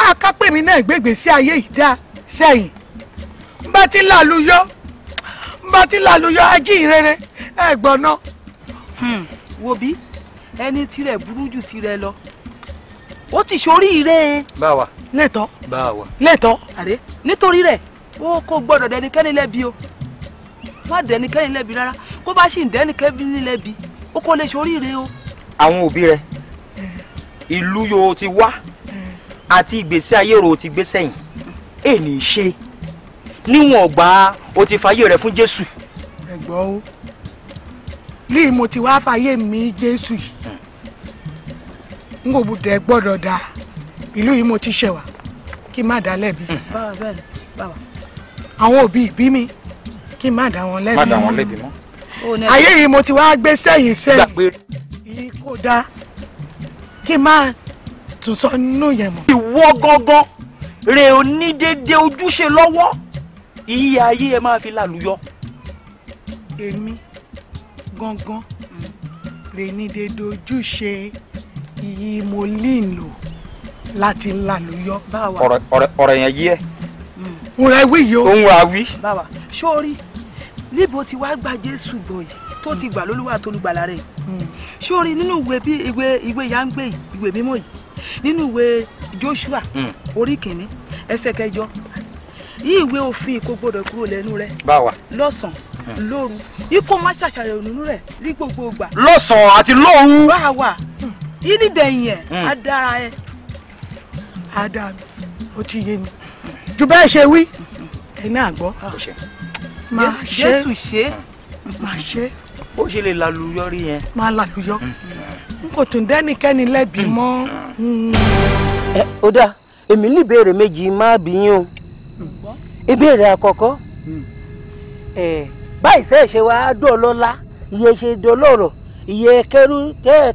àkápẹ́ mi náà gbègbè sí ayé ìdá sẹ́yìn bá ti làlùyọ bá ti làlùyọ ají ìrere ẹ̀gbọ́n náà. Hmm, wo bí ẹni tirẹ̀ burú jù tirẹ̀ lọ ó ti ṣoríire. báwa. lẹ́tọ̀. báwa. lẹ́tọ̀. àrẹ nítorí rẹ̀ ó kò gbọ́dọ̀ dẹnikẹ́ni lẹ́bi o má dẹnikẹ́ni lẹ́bi rárá kó bá sì ń dẹnikẹ́ni lẹ́bi ó kò lè ṣoríire o. àwọn òbí rẹ ìlú yóò ti wá àti ìgbésí ayé rò ti gbé sẹ́yìn èèní ṣe níwọ̀n ọgbà o ti fàyè rẹ fún Jésù. ẹ gbọ́ o ní mo ti wá fàyè mi Jésù yìí n kò gbọdọ̀ gbọ́dọ̀ da ìlú yìí mo ti ṣẹ̀wà kí n má dá lẹ́bi. Hmm. àwọn òbí ìbí mi kí n má dá wọn lẹ́bi. má dá wọn lẹ́bi mọ́. ayé mo ti wá gbé sẹ́yìn sẹ́yìn yìí kò dáa kí n má tún sọ nínú yẹn mọ́. ìwọ gangan rè ó ní déédéé ojúṣe lọ́wọ́ iye ayé fi làlùyọ. èmi gangan hmm. rè ní déédéé ojúṣe iyì mo lè lò láti ńlá ló yọ. ọ̀rọ̀ yẹn yí ẹ. òun ra ìwé yìí o. òun ra wí. bàbá sórí níbo ti wá gba jésù bọ̀ yìí tó ti gbà lólúwa tolùgbàlà rẹ̀ hmm. sórí nínú ìwé bí ìwé ìwé yangbe ìwé mímọ́ yìí nínú ìwé joshua hmm. orí kìíní ẹsẹ̀ kẹjọ yí ìwé òfin kò gbọdọ̀ kúrò lẹ́nu rẹ̀ lọ́sàn-án hmm. lóru ikú má ṣàṣàyàn nínú rẹ̀ ní gbogbo ìgbà. lọ́sàn àti lóru. báwa yìí ni dẹ̀yìn ẹ̀ á hmm. dára ẹ̀ á dára mi ó ti yé mi jù bẹ́ẹ̀ ṣe wí ẹ̀mí àgbọ́ máa ṣe Jésù ṣe máa ṣe. ó ṣe lè lálùyọ rí yẹn. máa lálùyọ n kò tún dẹ́nikẹ́ni lẹ́bi mọ́. ẹ ó dáa èmi ní ìbéèrè méjì má bíyín o ìbéèrè àkọ́kọ́ ẹ báyìí sẹ́ẹ̀ ṣe wá dọ́ọ̀lọ́lá iye ṣe dọ́lọ́rọ̀ iye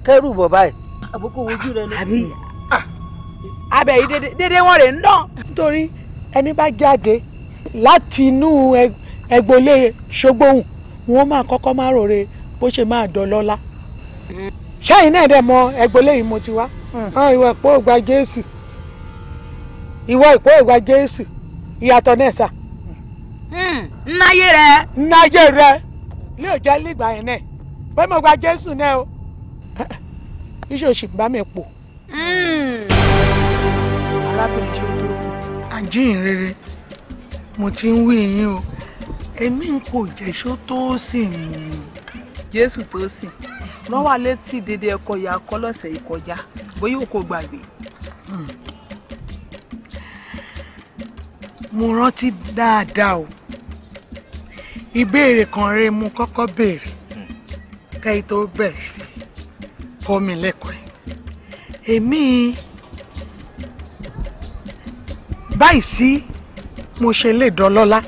kẹrù bọ̀ báyìí àbókò ojú rẹ ni. àbí ah! abẹ yìí dédé wọn rè ń dán. nítorí ẹni bá jáde láti inú ẹgbọ́lé ṣogbóhùn wọn máa kọ́kọ́ máa rore bó ṣe máa dọlọ́lá. ṣẹ́yìn náà dẹ̀ mọ ẹgbọ́lé yìí mo ti wá. Hmm. Ah, ìwọ ìpó ògbà jésù ìwọ ìpó ògbà jésù ìyàtọ̀ náà sà. nnáyé hmm, rẹ. nnáyé rẹ lè jẹ́ lígbà yẹn náà pé mo gba jésù náà o iṣẹ́ òṣì bá mi pọ̀. Hmm. arábìnrin ṣe tó àjíǹ rere mo ti ń wí yín o èmi ń kò jẹ́ṣó tó sì ní. jésù tó sì lọ́wọ́ alẹ́ tí dédé ẹ̀kọ́ ìyá akọ́ lọ́sẹ̀ yìí kọjá bóyá òkò gbàgbé. Hmm. mo rántí dáadáa o ìbéèrè kan rèé mo kọ́kọ́ béèrè hmm. kẹ́yìn tó bẹ̀rẹ̀ kọ́ mi lẹ́kọ̀ọ́ èmi báyìí sí mo ṣe lè dọlọ́lá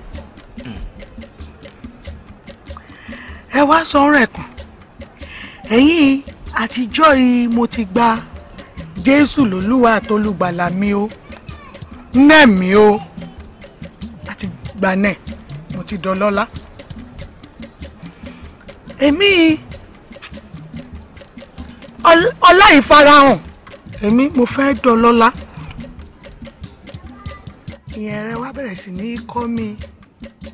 ẹ wá sọ ọ̀rọ̀ ẹ̀kùn ẹ̀yìn àtijọ́ yìí mo ti gba Jésù lólúwa àtolùgbàlà mi o nẹ́ mi o àti gbanẹ̀ mo ti dọlọ́lá èmi. E ọlá ìfarahàn èmi mo fẹ́ dọlọ́lá ìyẹn rẹ wá bẹ̀rẹ̀ sí ní kọ́ mi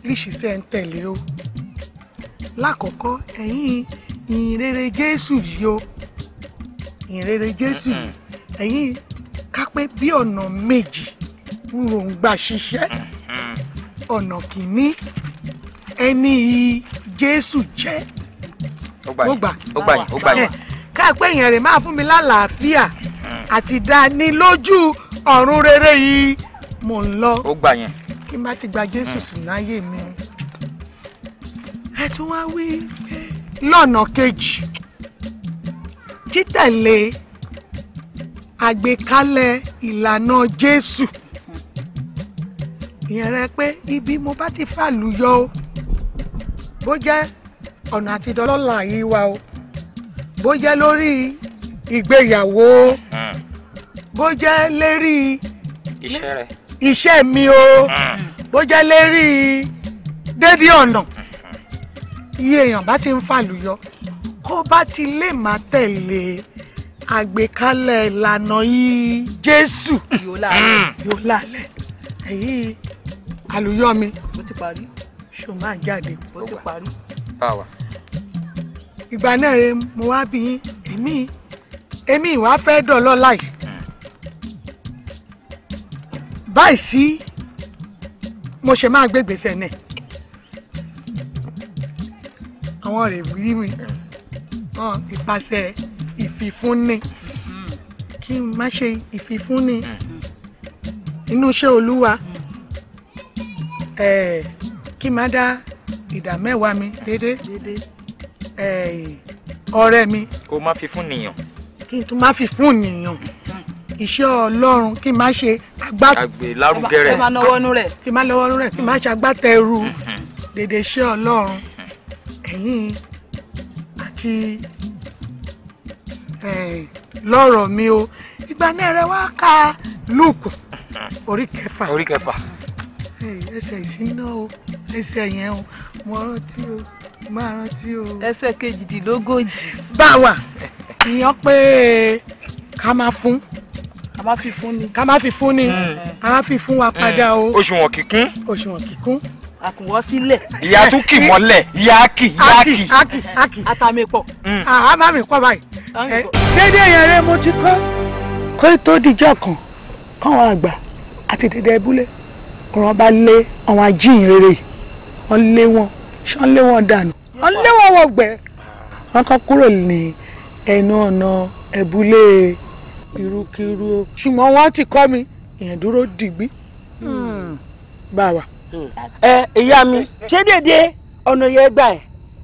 ríṣìṣẹ́ ń tẹ̀lé o lákọ̀ọ́kọ́ ẹ̀yìn ìrere Jésù yìí o ìrere Jésù yìí mm-hmm. ẹ̀yìn kápẹ́ bí ọ̀nà méjì ń ròǹgbà ṣiṣẹ́ mm-hmm. ọ̀nà kìíní ẹni Jésù jẹ́ ó gbà yín ó gbà yín ó gbà yín káàpẹ́ èèyàn rẹ̀ máa fún mi lálàáfíà àti ìdánilójú ọ̀run rere yìí mò ń lọ. ó gbà yẹn. kí n bá ti gba jésù hmm. sí láyé mi. ẹ tún wá wí lọ́nà kejì títẹ̀lé àgbékalẹ̀ ìlànà jésù ìyẹn rẹ pé ibi mo bá ti fàlùyọ o bó jẹ́ ọ̀nà àtidọ́lọ́là yìí wa o bó jẹ́ lórí ìgbéyàwó hmm. bó jẹ́ lérí iṣẹ́ mi o hmm. bó jẹ́ lérí dédé ọ̀nà iye èèyàn bá ti ń fàlùyọ kó bá ti lè máa tẹ̀lé àgbékalẹ̀ ìlànà yìí Jésù yóò lálẹ́ hmm. èyí àlùyọ mi ṣò máa jáde ti parí. báwa ìgbà náà rẹ mo wá bí èmi èmi ìwà fẹ́ dọ̀lọ́ láì báyìí sí mo ṣe máa gbé gbèsè náà àwọn rẹ̀ wí mi hàn ìpasẹ̀ ìfìfúnni kí n má ṣe ìfìfúnni inú iṣẹ́ olúwa kí n má dá ìdá mẹ́wàá mi déédéé ọ̀rẹ́ mi. kó o má fi fún nìyàn. kí n tún má fi fún nìyàn iṣẹ́ ọlọ́run kí n má ṣe agbátẹrù rẹ̀ kí n má lọ́wọ́nú rẹ̀ kí n má ṣe agbátẹrù dèdè iṣẹ́ ọlọ́run ẹ̀yìn àti lọ́rọ̀ mi o ìgbà náà rẹ wá ka Lúùkù orí kẹfà orí kẹfà ẹsẹ̀ ìsíná o ẹsẹ̀ yẹn o mo rántí o máa rántí o. ẹsẹ̀ kejìdínlógójì. bá a wà ìyàn pé ká máa fún ká má fi fún ni ká má fi fún ni ká hmm. má fi fún wa padà o. òṣùwọ̀n hmm. kíkún. òṣùwọ̀n kíkún. àkùnwọ́ sílẹ̀. ìyá tún kì mọ́lẹ̀ ìyá kì ìyá kì. akì akì atamipọ̀. àá má mi kọ́ hmm. báyìí. dédé yẹn rẹ mo ti kọ́ kó tó dijọ́ kan káwọn àgbà àti dédé ẹbúlé kò wọ́n bá lé àwọn ajíhìn rere lé wọn ṣán lé wọn dànù wọn wọn kúrò ní ẹnu ọ̀nà ẹ̀bùlé irúkirú ṣùgbọ́n wọn ti kọ́ mi ìyẹn dúró dìgbí hmm. wa hmm. ẹ mi ṣé dédé ọ̀nà yẹn gbà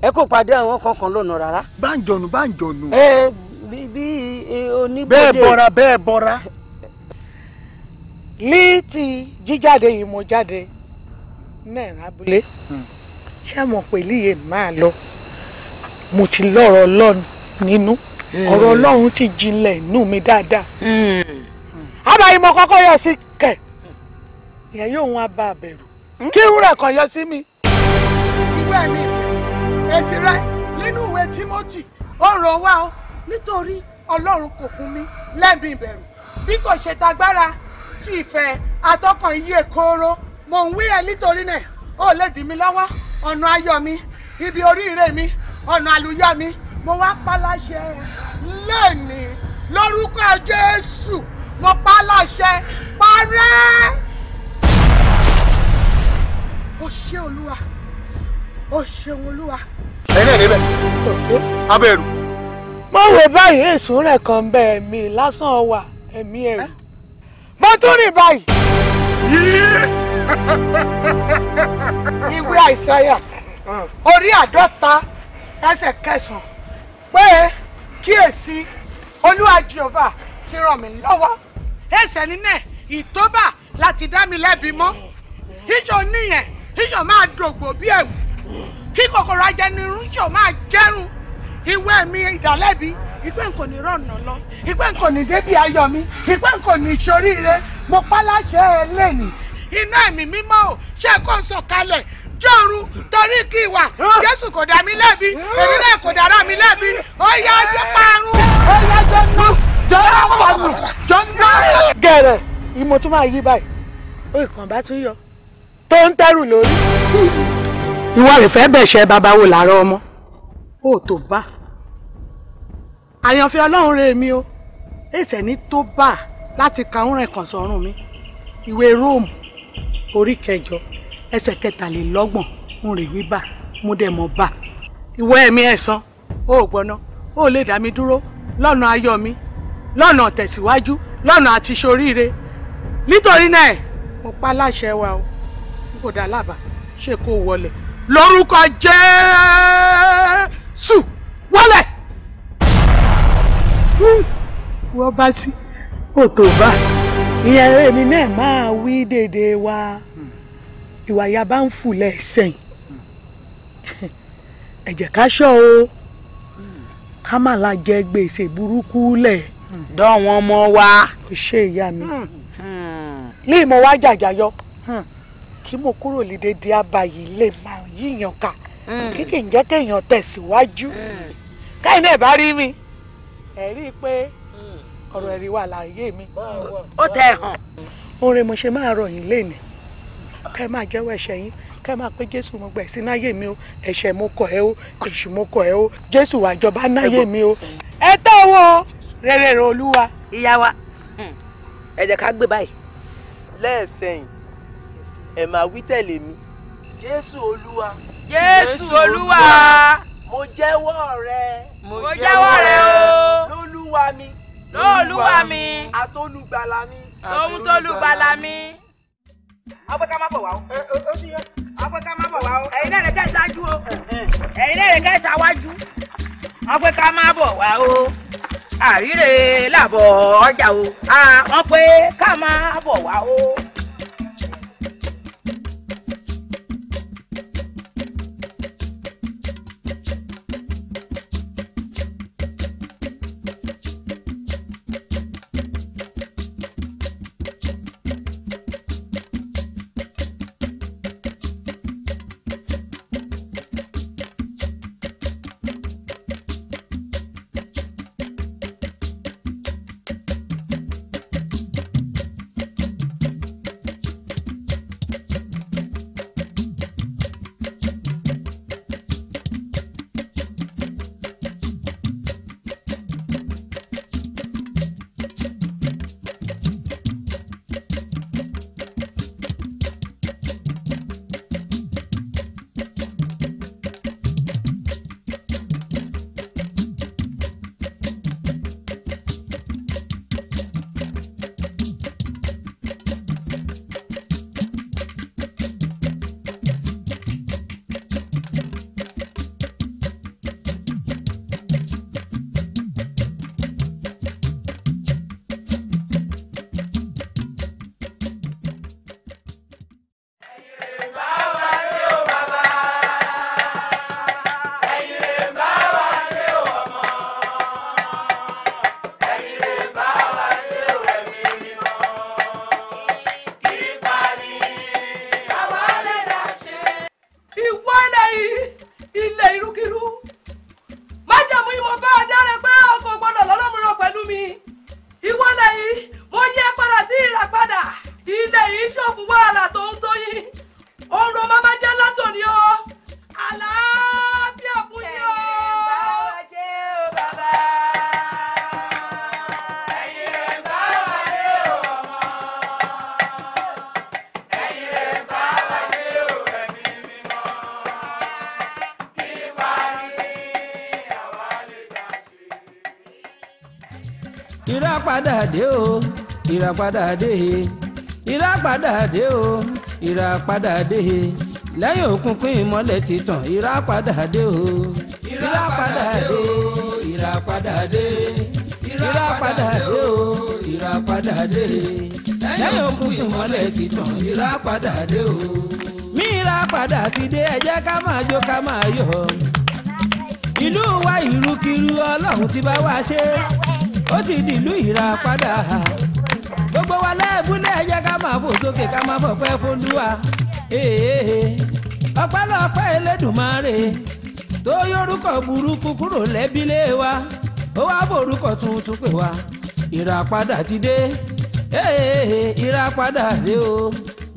ẹ kò pàdé àwọn kankan lọ́nà rárá. báńjọ̀nù báńjọ̀nù. ẹ bí e, oníbòde. bẹ́ẹ̀ bọ́ra bẹ́ẹ̀ bọ́ra. jíjáde yìí mo jáde abúlé. Hmm. ṣé mọ̀ pé eléyè máa lọ mo ti lọ́rọ̀ ọlọ́run nínú hmm. ọ̀rọ̀ ọlọ́run ti jinlẹ̀ inú mi dáadáa abayi hmm. mo kọ́kọ́ yọ sí kẹ̀ ìyẹn yóò wọn abá àbẹ̀rù hmm? kí wúrẹ̀ kan yọ sí mi. ìwé mi èsì rẹ nínú ìwé Timothy ó ràn wá o nítorí ọlọ́run kò fún mi lẹ́mí ìbẹ̀rù bí kò ṣe tagbára tí ìfẹ́ atọ́kàn iye kóró mò ń wí ẹ nítorí náà ó lè dì mí lọ́wọ́ ọ̀nà ayọ̀ mi ibi oríire mi ọ̀nà àlùyọ mi mo wá paláṣẹ lẹ́ẹ̀ni lórúkọ Jésù mo paláṣẹ parẹ́. o ṣé olúwa o ṣeun olúwa. ẹ̀yin ẹ̀rí bẹ́ẹ̀ abẹ́rù. mo wò báyìí èso rẹ̀ kan bẹ ẹ̀mí lásán wà ẹ̀mí ẹ̀rù mo tún rìn báyìí ìwé àìsàyà orí àádọ́ta ẹsẹ̀ kẹsàn-án pé kíyèsí olúwa jehova ti ràn mí lọ́wọ́ ẹsẹ̀ nínú ẹ̀ ìtóbà láti dá mi lẹ́bi mọ́ ìjọ níyẹn ìjọ máa dògbò bí ẹ̀wù kí kòkòrò ajẹnu ìjọ máa jẹ́rùn ìwé mi ìdálẹ́bi ìpè ń kò ní rọ̀nà lọ ìpè ń kò ní débi ayọ̀ mi ìpè ń kò ní ìsoríire mo pa láṣẹ ẹ iná ẹ̀mí mímọ́ ò ṣe kó sọ̀kalẹ̀ jọ̀run torí kí wà jésù kò dá mi lẹ́bi èmi náà kò dára mi lẹ́bi ó yá ọjọ́ parun. ó yá jọ nù jọ nù jọ nù. gẹ̀rẹ̀ ìmọ̀ tó máa yí báyìí ó ìkànnì bá tún yọ tó ń tẹ́rù lórí. ìwọ rẹ̀ fẹ́ bẹ̀ṣẹ̀ babawo làárọ̀ ọmọ ó tó bá àyànfẹ́ ọlọ́run rẹ̀ mi o èsẹ̀ ní tó bá láti kàún rẹ̀ kàn sọ́run mi ìwé róòmù orí kẹjọ ẹsẹ̀ kẹtàlélọ́gbọ̀n ń rè wí mú dẹ̀ mọ́ bà ìwọ ẹ̀mí ẹ̀san ó gbọ́ná ó lè dá mi dúró lọ́nà ayọ̀ mi lọ́nà tẹ̀síwájú lọ́nà àti ṣoríire nítorí náà mo pa láṣẹ wa o kò dá lábàá ṣe kó wọlé lórúkọ Jésù wọlé. wọ́n bá sí kò bá ìyẹn èmi náà máa wí dèdè wa ìwà ìyá bá ń fùlẹ̀ sẹ́yìn ẹ ká ṣọ́ o ká má la jẹ gbèsè burúkú lẹ̀. dán wọn mọ wa. kò ṣe ìyá mi lè mọ wá jàjàyọ kí mo kúrò lédèdè abayì lè máa yíyan ká kí kì í jẹ́ kéèyàn tẹ̀síwájú hmm. káyìn náà bá rí mi ẹ̀ rí i pé ọ̀rọ̀ ẹ̀rí wà láàyè mi. ó tẹ ẹ̀ hàn. orin mo ṣe máa rọ yín léèní kẹ́ máa jẹ́wọ́ ẹ̀ṣẹ̀ yín kẹ́ máa pé jésù mo gbà ẹ̀sìn náyè mi o ẹ̀ṣẹ̀ mo kọ̀ ẹ́ o èṣù mo kọ̀ ẹ́ o jésù wá jọba náyè mi o. ẹ tọ́wọ́ rere rẹ olúwa. ìyá wa hmm, ẹ jẹ́ ká gbé báyìí. lẹ́ẹ̀sẹ̀yìn ẹ máa wí tẹ̀lé mi. jésù olúwa. jésù olúwa. mo jẹ́wọ́ rẹ. mo jẹ́wọ́ rẹ o. lólúwa mi lóòlùwà mi. àtolùgbàlà mi. ohun tó lùgbàlà mi. ọgbẹ́ ká má bọ̀ wá o. ọgbẹ́ ká má bọ̀ wá o. ẹ̀yin náà lè kẹ́ ṣáájú o. ẹ̀yin náà lè kẹ́ ṣáwájú. ọgbẹ́ ká má bọ̀ wá o. àríre làbọ̀ ọjà o. wọ́n pé ká má bọ̀ wá o. ìrà padà dé ìrà padà dé o ìrà padà dé lẹ́yìn òkùnkùn ìmọ́lẹ̀ ti tàn ìrà padà dé o ìrà padà dé o ìrà padà dé ìrà padà dé o ìrà padà dé lẹ́yìn òkùnkùn ìmọ́lẹ̀ ti tàn ìrà padà dé o. mi ìrà ti dé ẹ jẹ́ ká máa jó ká máa yọ̀ ìlú wa ìlú kiri ọlọ́run ti bá wa ṣe ó ti dìlú ìrà padà. na ẹ̀yẹ ká máa fò sókè ká máa fọpẹ́ fọlúwa ọpẹ́lọpẹ́ Elédùmarè tó yórúkọ burúkú kúrò lẹ́bílẹ̀ wa ó wá forúkọ tuntun pè wá ìràpadà ti dé ìràpadà dé o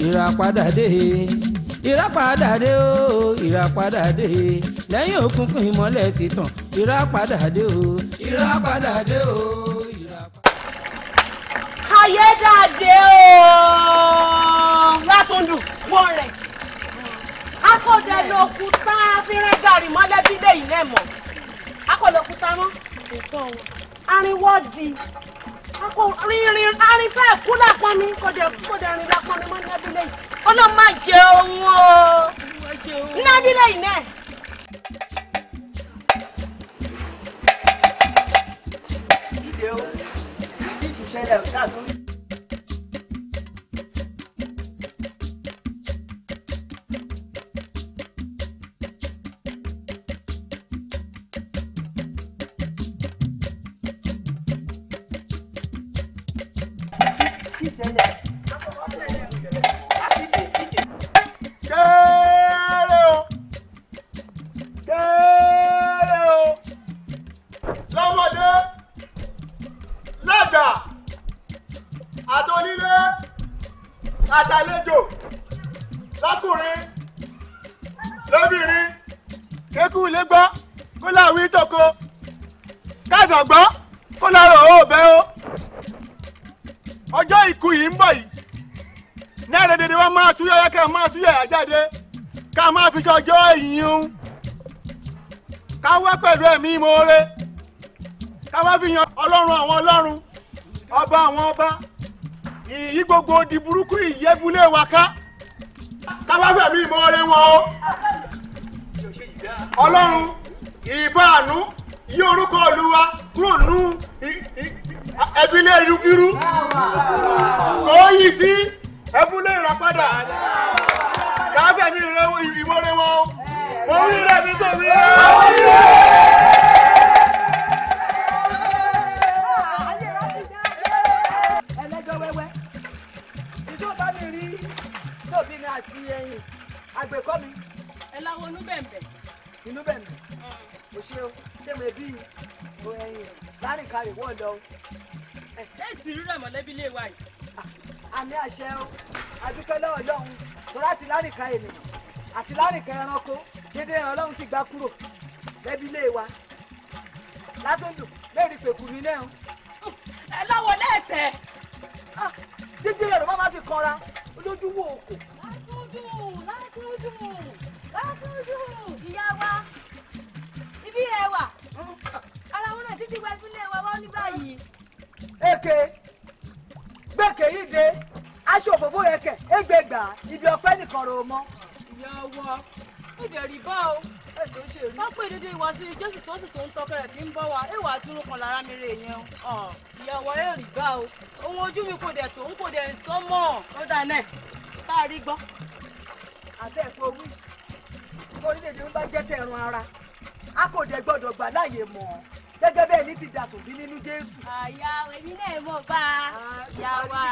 ìràpadà dé ìràpadà dé o ìràpadà dé lẹ́yìn òkùnkùn ti tàn ìràpadà dé o ìràpadà dé o. ayédàdé ooo látúndù wọ́n rẹ̀ akọ̀dẹ̀ lòkúta fínrẹ́ gàrí mọ́lẹ́bí lè yìí lẹ́mọ̀ akọ̀lòkúta mọ́ arínwọ́dì rínrin arínfẹ́ kú lápọn mi kọ̀dẹ̀ kọ̀dẹ̀ rìn lápọn mi mọ́lẹ́bí lè yìí ọlọ́run máa jẹ ohun ooo nábí lè yìí náà. Thank you. ṣẹlẹ̀ káàkiri. dọjọ́ ìyún ká wá pẹ̀lú ẹ̀mí ìmoore ká wá fi yan ọlọ́run àwọn ọlọ́run ọba àwọn ọba ìyí gbogbo di burúkú ìyẹ́bulẹ̀ wa ká ká wá fẹ̀mí ìmoore wọn o ọlọ́run ìbáàánú yí orúkọ olúwa kúrò nù ẹbílẹ̀ irúkirú kò yí sí ẹbúlẹ̀ ìràpadà kàáfẹ́ mi rẹ ìmọ̀rẹ́ wọn mo rí rẹ mi tó mi rẹ. àti ẹyin àgbẹ̀kọ́ mi. ẹ láwọn inú bẹ̀m̀bẹ̀. inú bẹ̀m̀bẹ̀. mo ṣe o ṣé mo bí ẹyin láàrin karè wọ́ọ̀dọ̀. ẹ ẹ sì rí rẹ̀ mọ̀lẹ́bí lè wá yìí. Ah, àmì àṣẹ o àdúpẹ́lẹ́ ọlọ́run tó láti lárìkà ènìyàn àti lárìkà ẹranko dédé ọlọ́run ti gbà kúrò lẹ́bí ilé wa látọ̀dù léèrè pẹ̀kù mi náà. ẹ láwọ lẹ́sẹ̀. Ah, dídí yorùbá máa fi kanra olójú wo òkò. látọ̀dù látọ̀dù látọ̀dù ìyá wa ibi rẹ wà hmm. ara wọn náà títí wá sílé wa wá ní báyìí. èké. Okay gbẹ̀kẹ̀ yìí dé aṣọ òfófó rẹ kẹ̀ égbègbà ibi ọ̀pẹ nìkan rò mọ́. ìyá ọwọ́ ó dẹ̀ rí bá o ètò ṣe rí. wọ́n pè dédé ìwà sí jésù tó sì tó ń tọ́kẹ́ rẹ̀ tí ń bọ́ wa ìwà túnú kan lára mi rè yẹn o. ìyá ọwọ́ ẹ̀ rí bá o ohun ojú mi kò dẹ̀ tó ń kò dẹ̀ sọ mọ́. ó dà náà tá a rí gbọ́. àti ẹ̀fọ́ wí orílẹ̀-èdè ń bá jẹ́ tẹ̀rùn ara a kò dẹ̀ gbọ́dọ̀ gbà láàyè mọ́ gẹ́gẹ́ bẹ́ẹ̀ ní ti dà tó bí nínú jésù. àyà èmi náà mọ̀ bá a ah, yà wá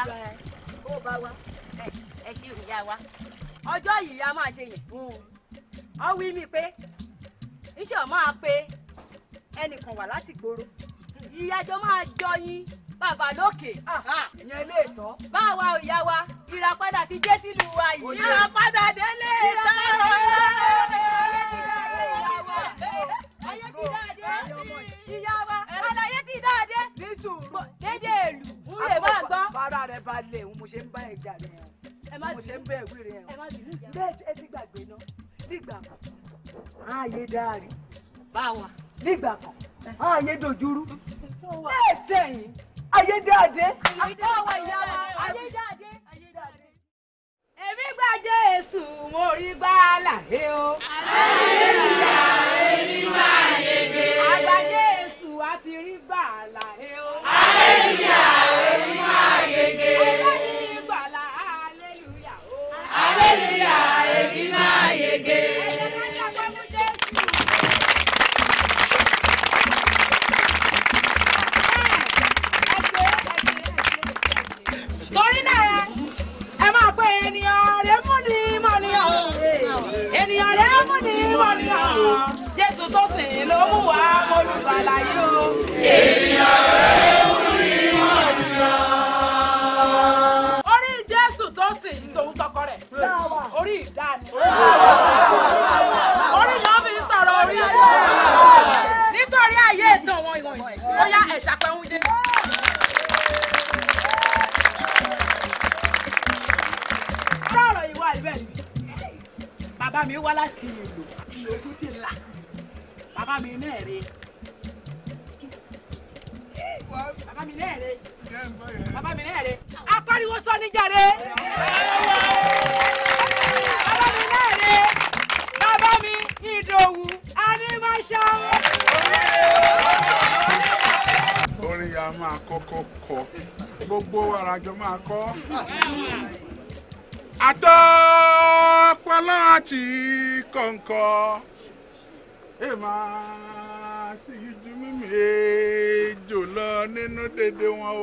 ó bá wá ẹ ṣe ìyá wa ọjọ́ yìí a máa ṣe yìnbó hmm. ọ wí mi pé iṣẹ́ ọ̀ máa pe ẹnìkan wà láti gbòòrò ìyájọ́ máa jọ yín bàbá lókè. Ah, ah, ìyẹn ilé ìtọ́. báwa ò yá wa ìràpadà ti dé sílùú wa yìí. ìràpadà délé ìtọ́. ìràpadà ayé ti báwa nígbà kan ààyè dojúrú bẹ́ẹ̀ sẹ́yìn ayé dáadé àwa ìyá wa ayé dáadé èmi gba Jésù mo rí gbà láyé o. àlàyélujà èmi máa yege. àgbà Jésù a ti rí gbà láyé o. àlàyélujà èmi máa yege. àgbà ní ìgbàlà àlàyélujà o. àlàyélujà èmi máa yege. mú ni mọ́ríà o. Jésù tó sìn ló mú wá mọ́lùbàlà o. Ènìyàn rẹ̀ mú ni mọ́ríà. Orí Jésù tó sìn tòun tọkọ rẹ̀. Orí ìdá ni. wá láti ìlú ìlógún ti là bàbá mi náà rè bàbá mi náà rè bàbá mi náà rè apariwo sọ ní jàre bàbá mi náà rè bàbá mi ìdòwú adébáṣá. orin yà máa kọ́kọ́ kọ gbogbo àràjọ máa kọ́ àtọ́ pọlọ́ọ̀tì ńkọ́ ẹ máa sì me, mímì èèjò lọ nínú dédé de, o.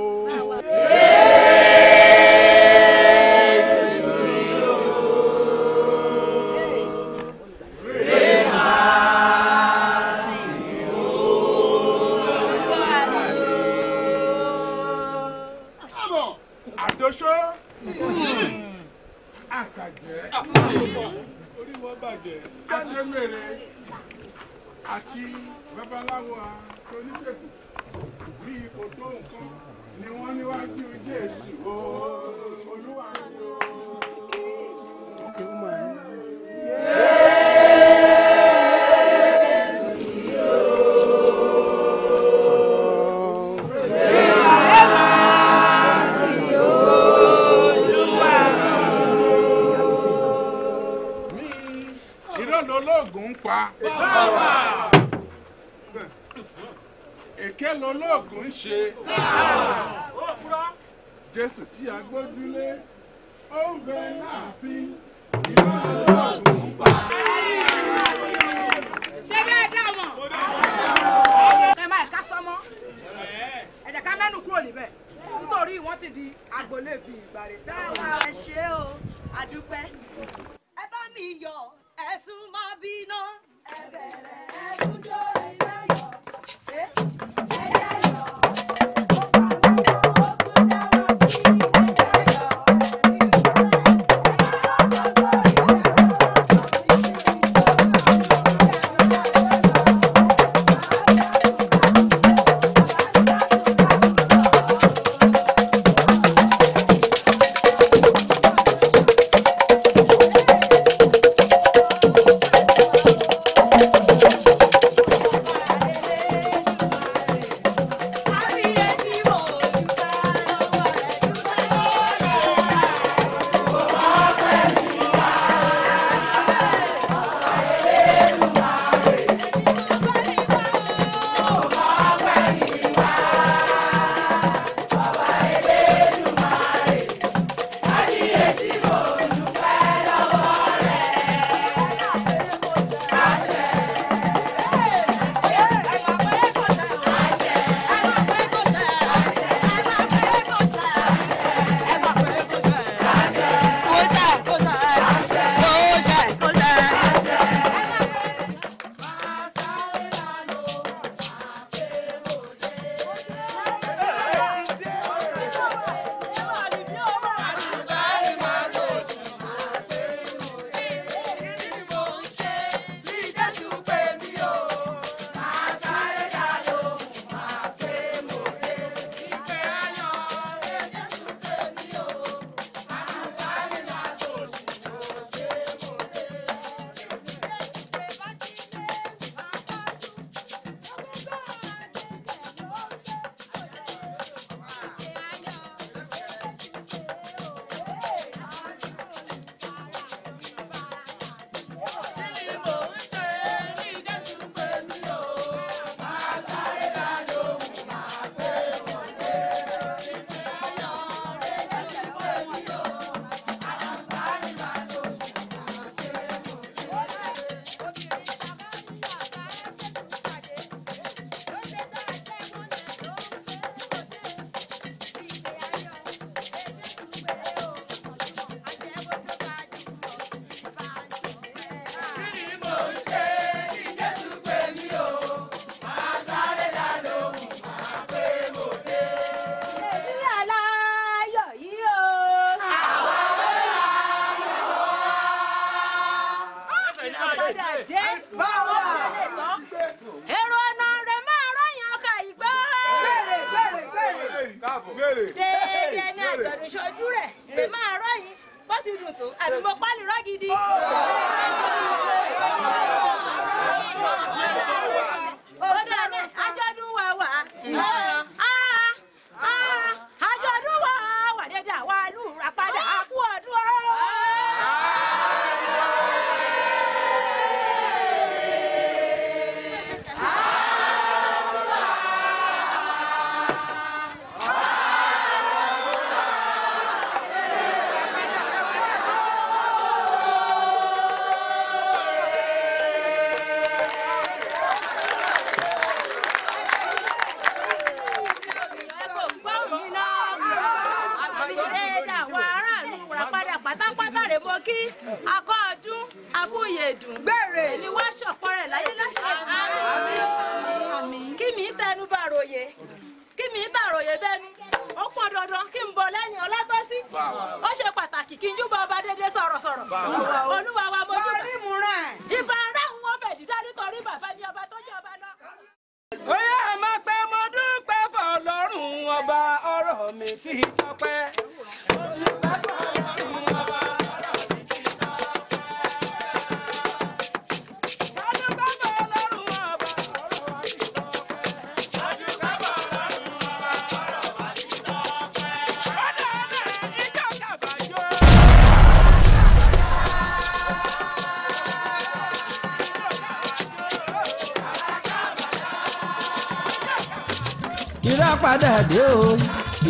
ìràpadà dé o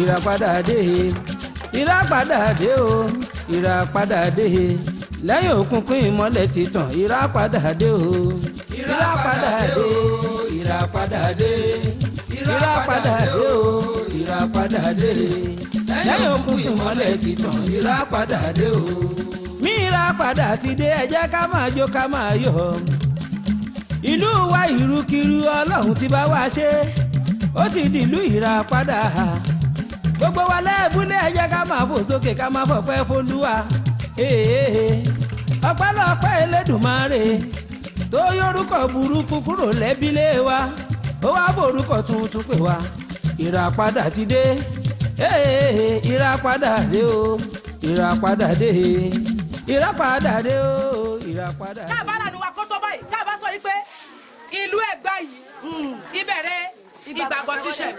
ìràpadà dé ìràpadà dé o ìràpadà dé lẹ́yìn òkùnkùn ìmọ́lẹ̀ ti tàn ìràpadà dé o ìràpadà dé ìràpadà dé ìràpadà dé o ìràpadà dé lẹ́yìn òkùnkùn ìmọ́lẹ̀ ti tàn ìràpadà dé o. mi ìràpadà ti dé ẹ jẹ́ ká máa jó ká máa yọ̀ ìlú wa ìrúkìrú ọlọ́run ti bá wa ṣe ó ti dìlú ìràpadà gbogbo wa lẹ́ẹ̀bùlé ẹ jẹ́ ká máa fò sókè ká máa fọpẹ́ f'Olúwa ọpẹ́lọpẹ́ Elédùmarè tó yórúkọ burúkú kúrò lẹ́bílé wa ó wá forúkọ tuntun pè wá ìràpadà ti dé ìràpadà dé o ìràpadà dé ìràpadà dé o. gbọ́ tíṣẹ̀.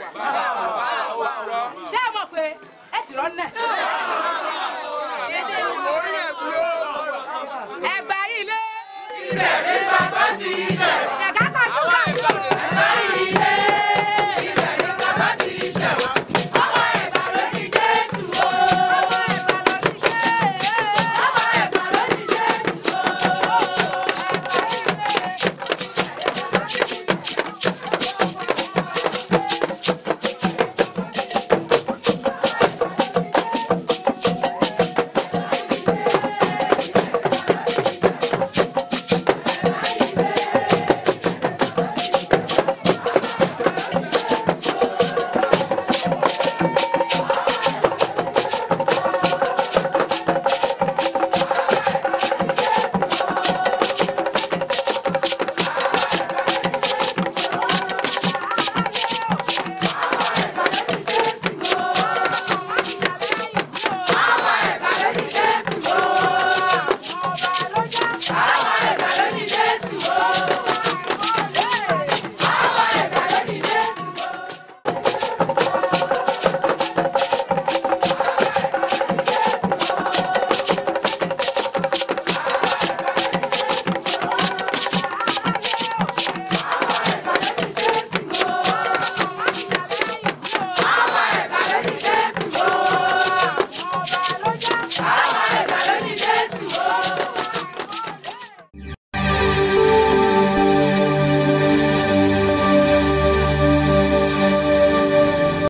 ṣé ẹ mọ̀ pé ẹ sì rọ́nà. orí ẹ̀ kú ó. ẹgbẹ́ ilé. ilẹ̀ bàbá ti ṣẹ̀.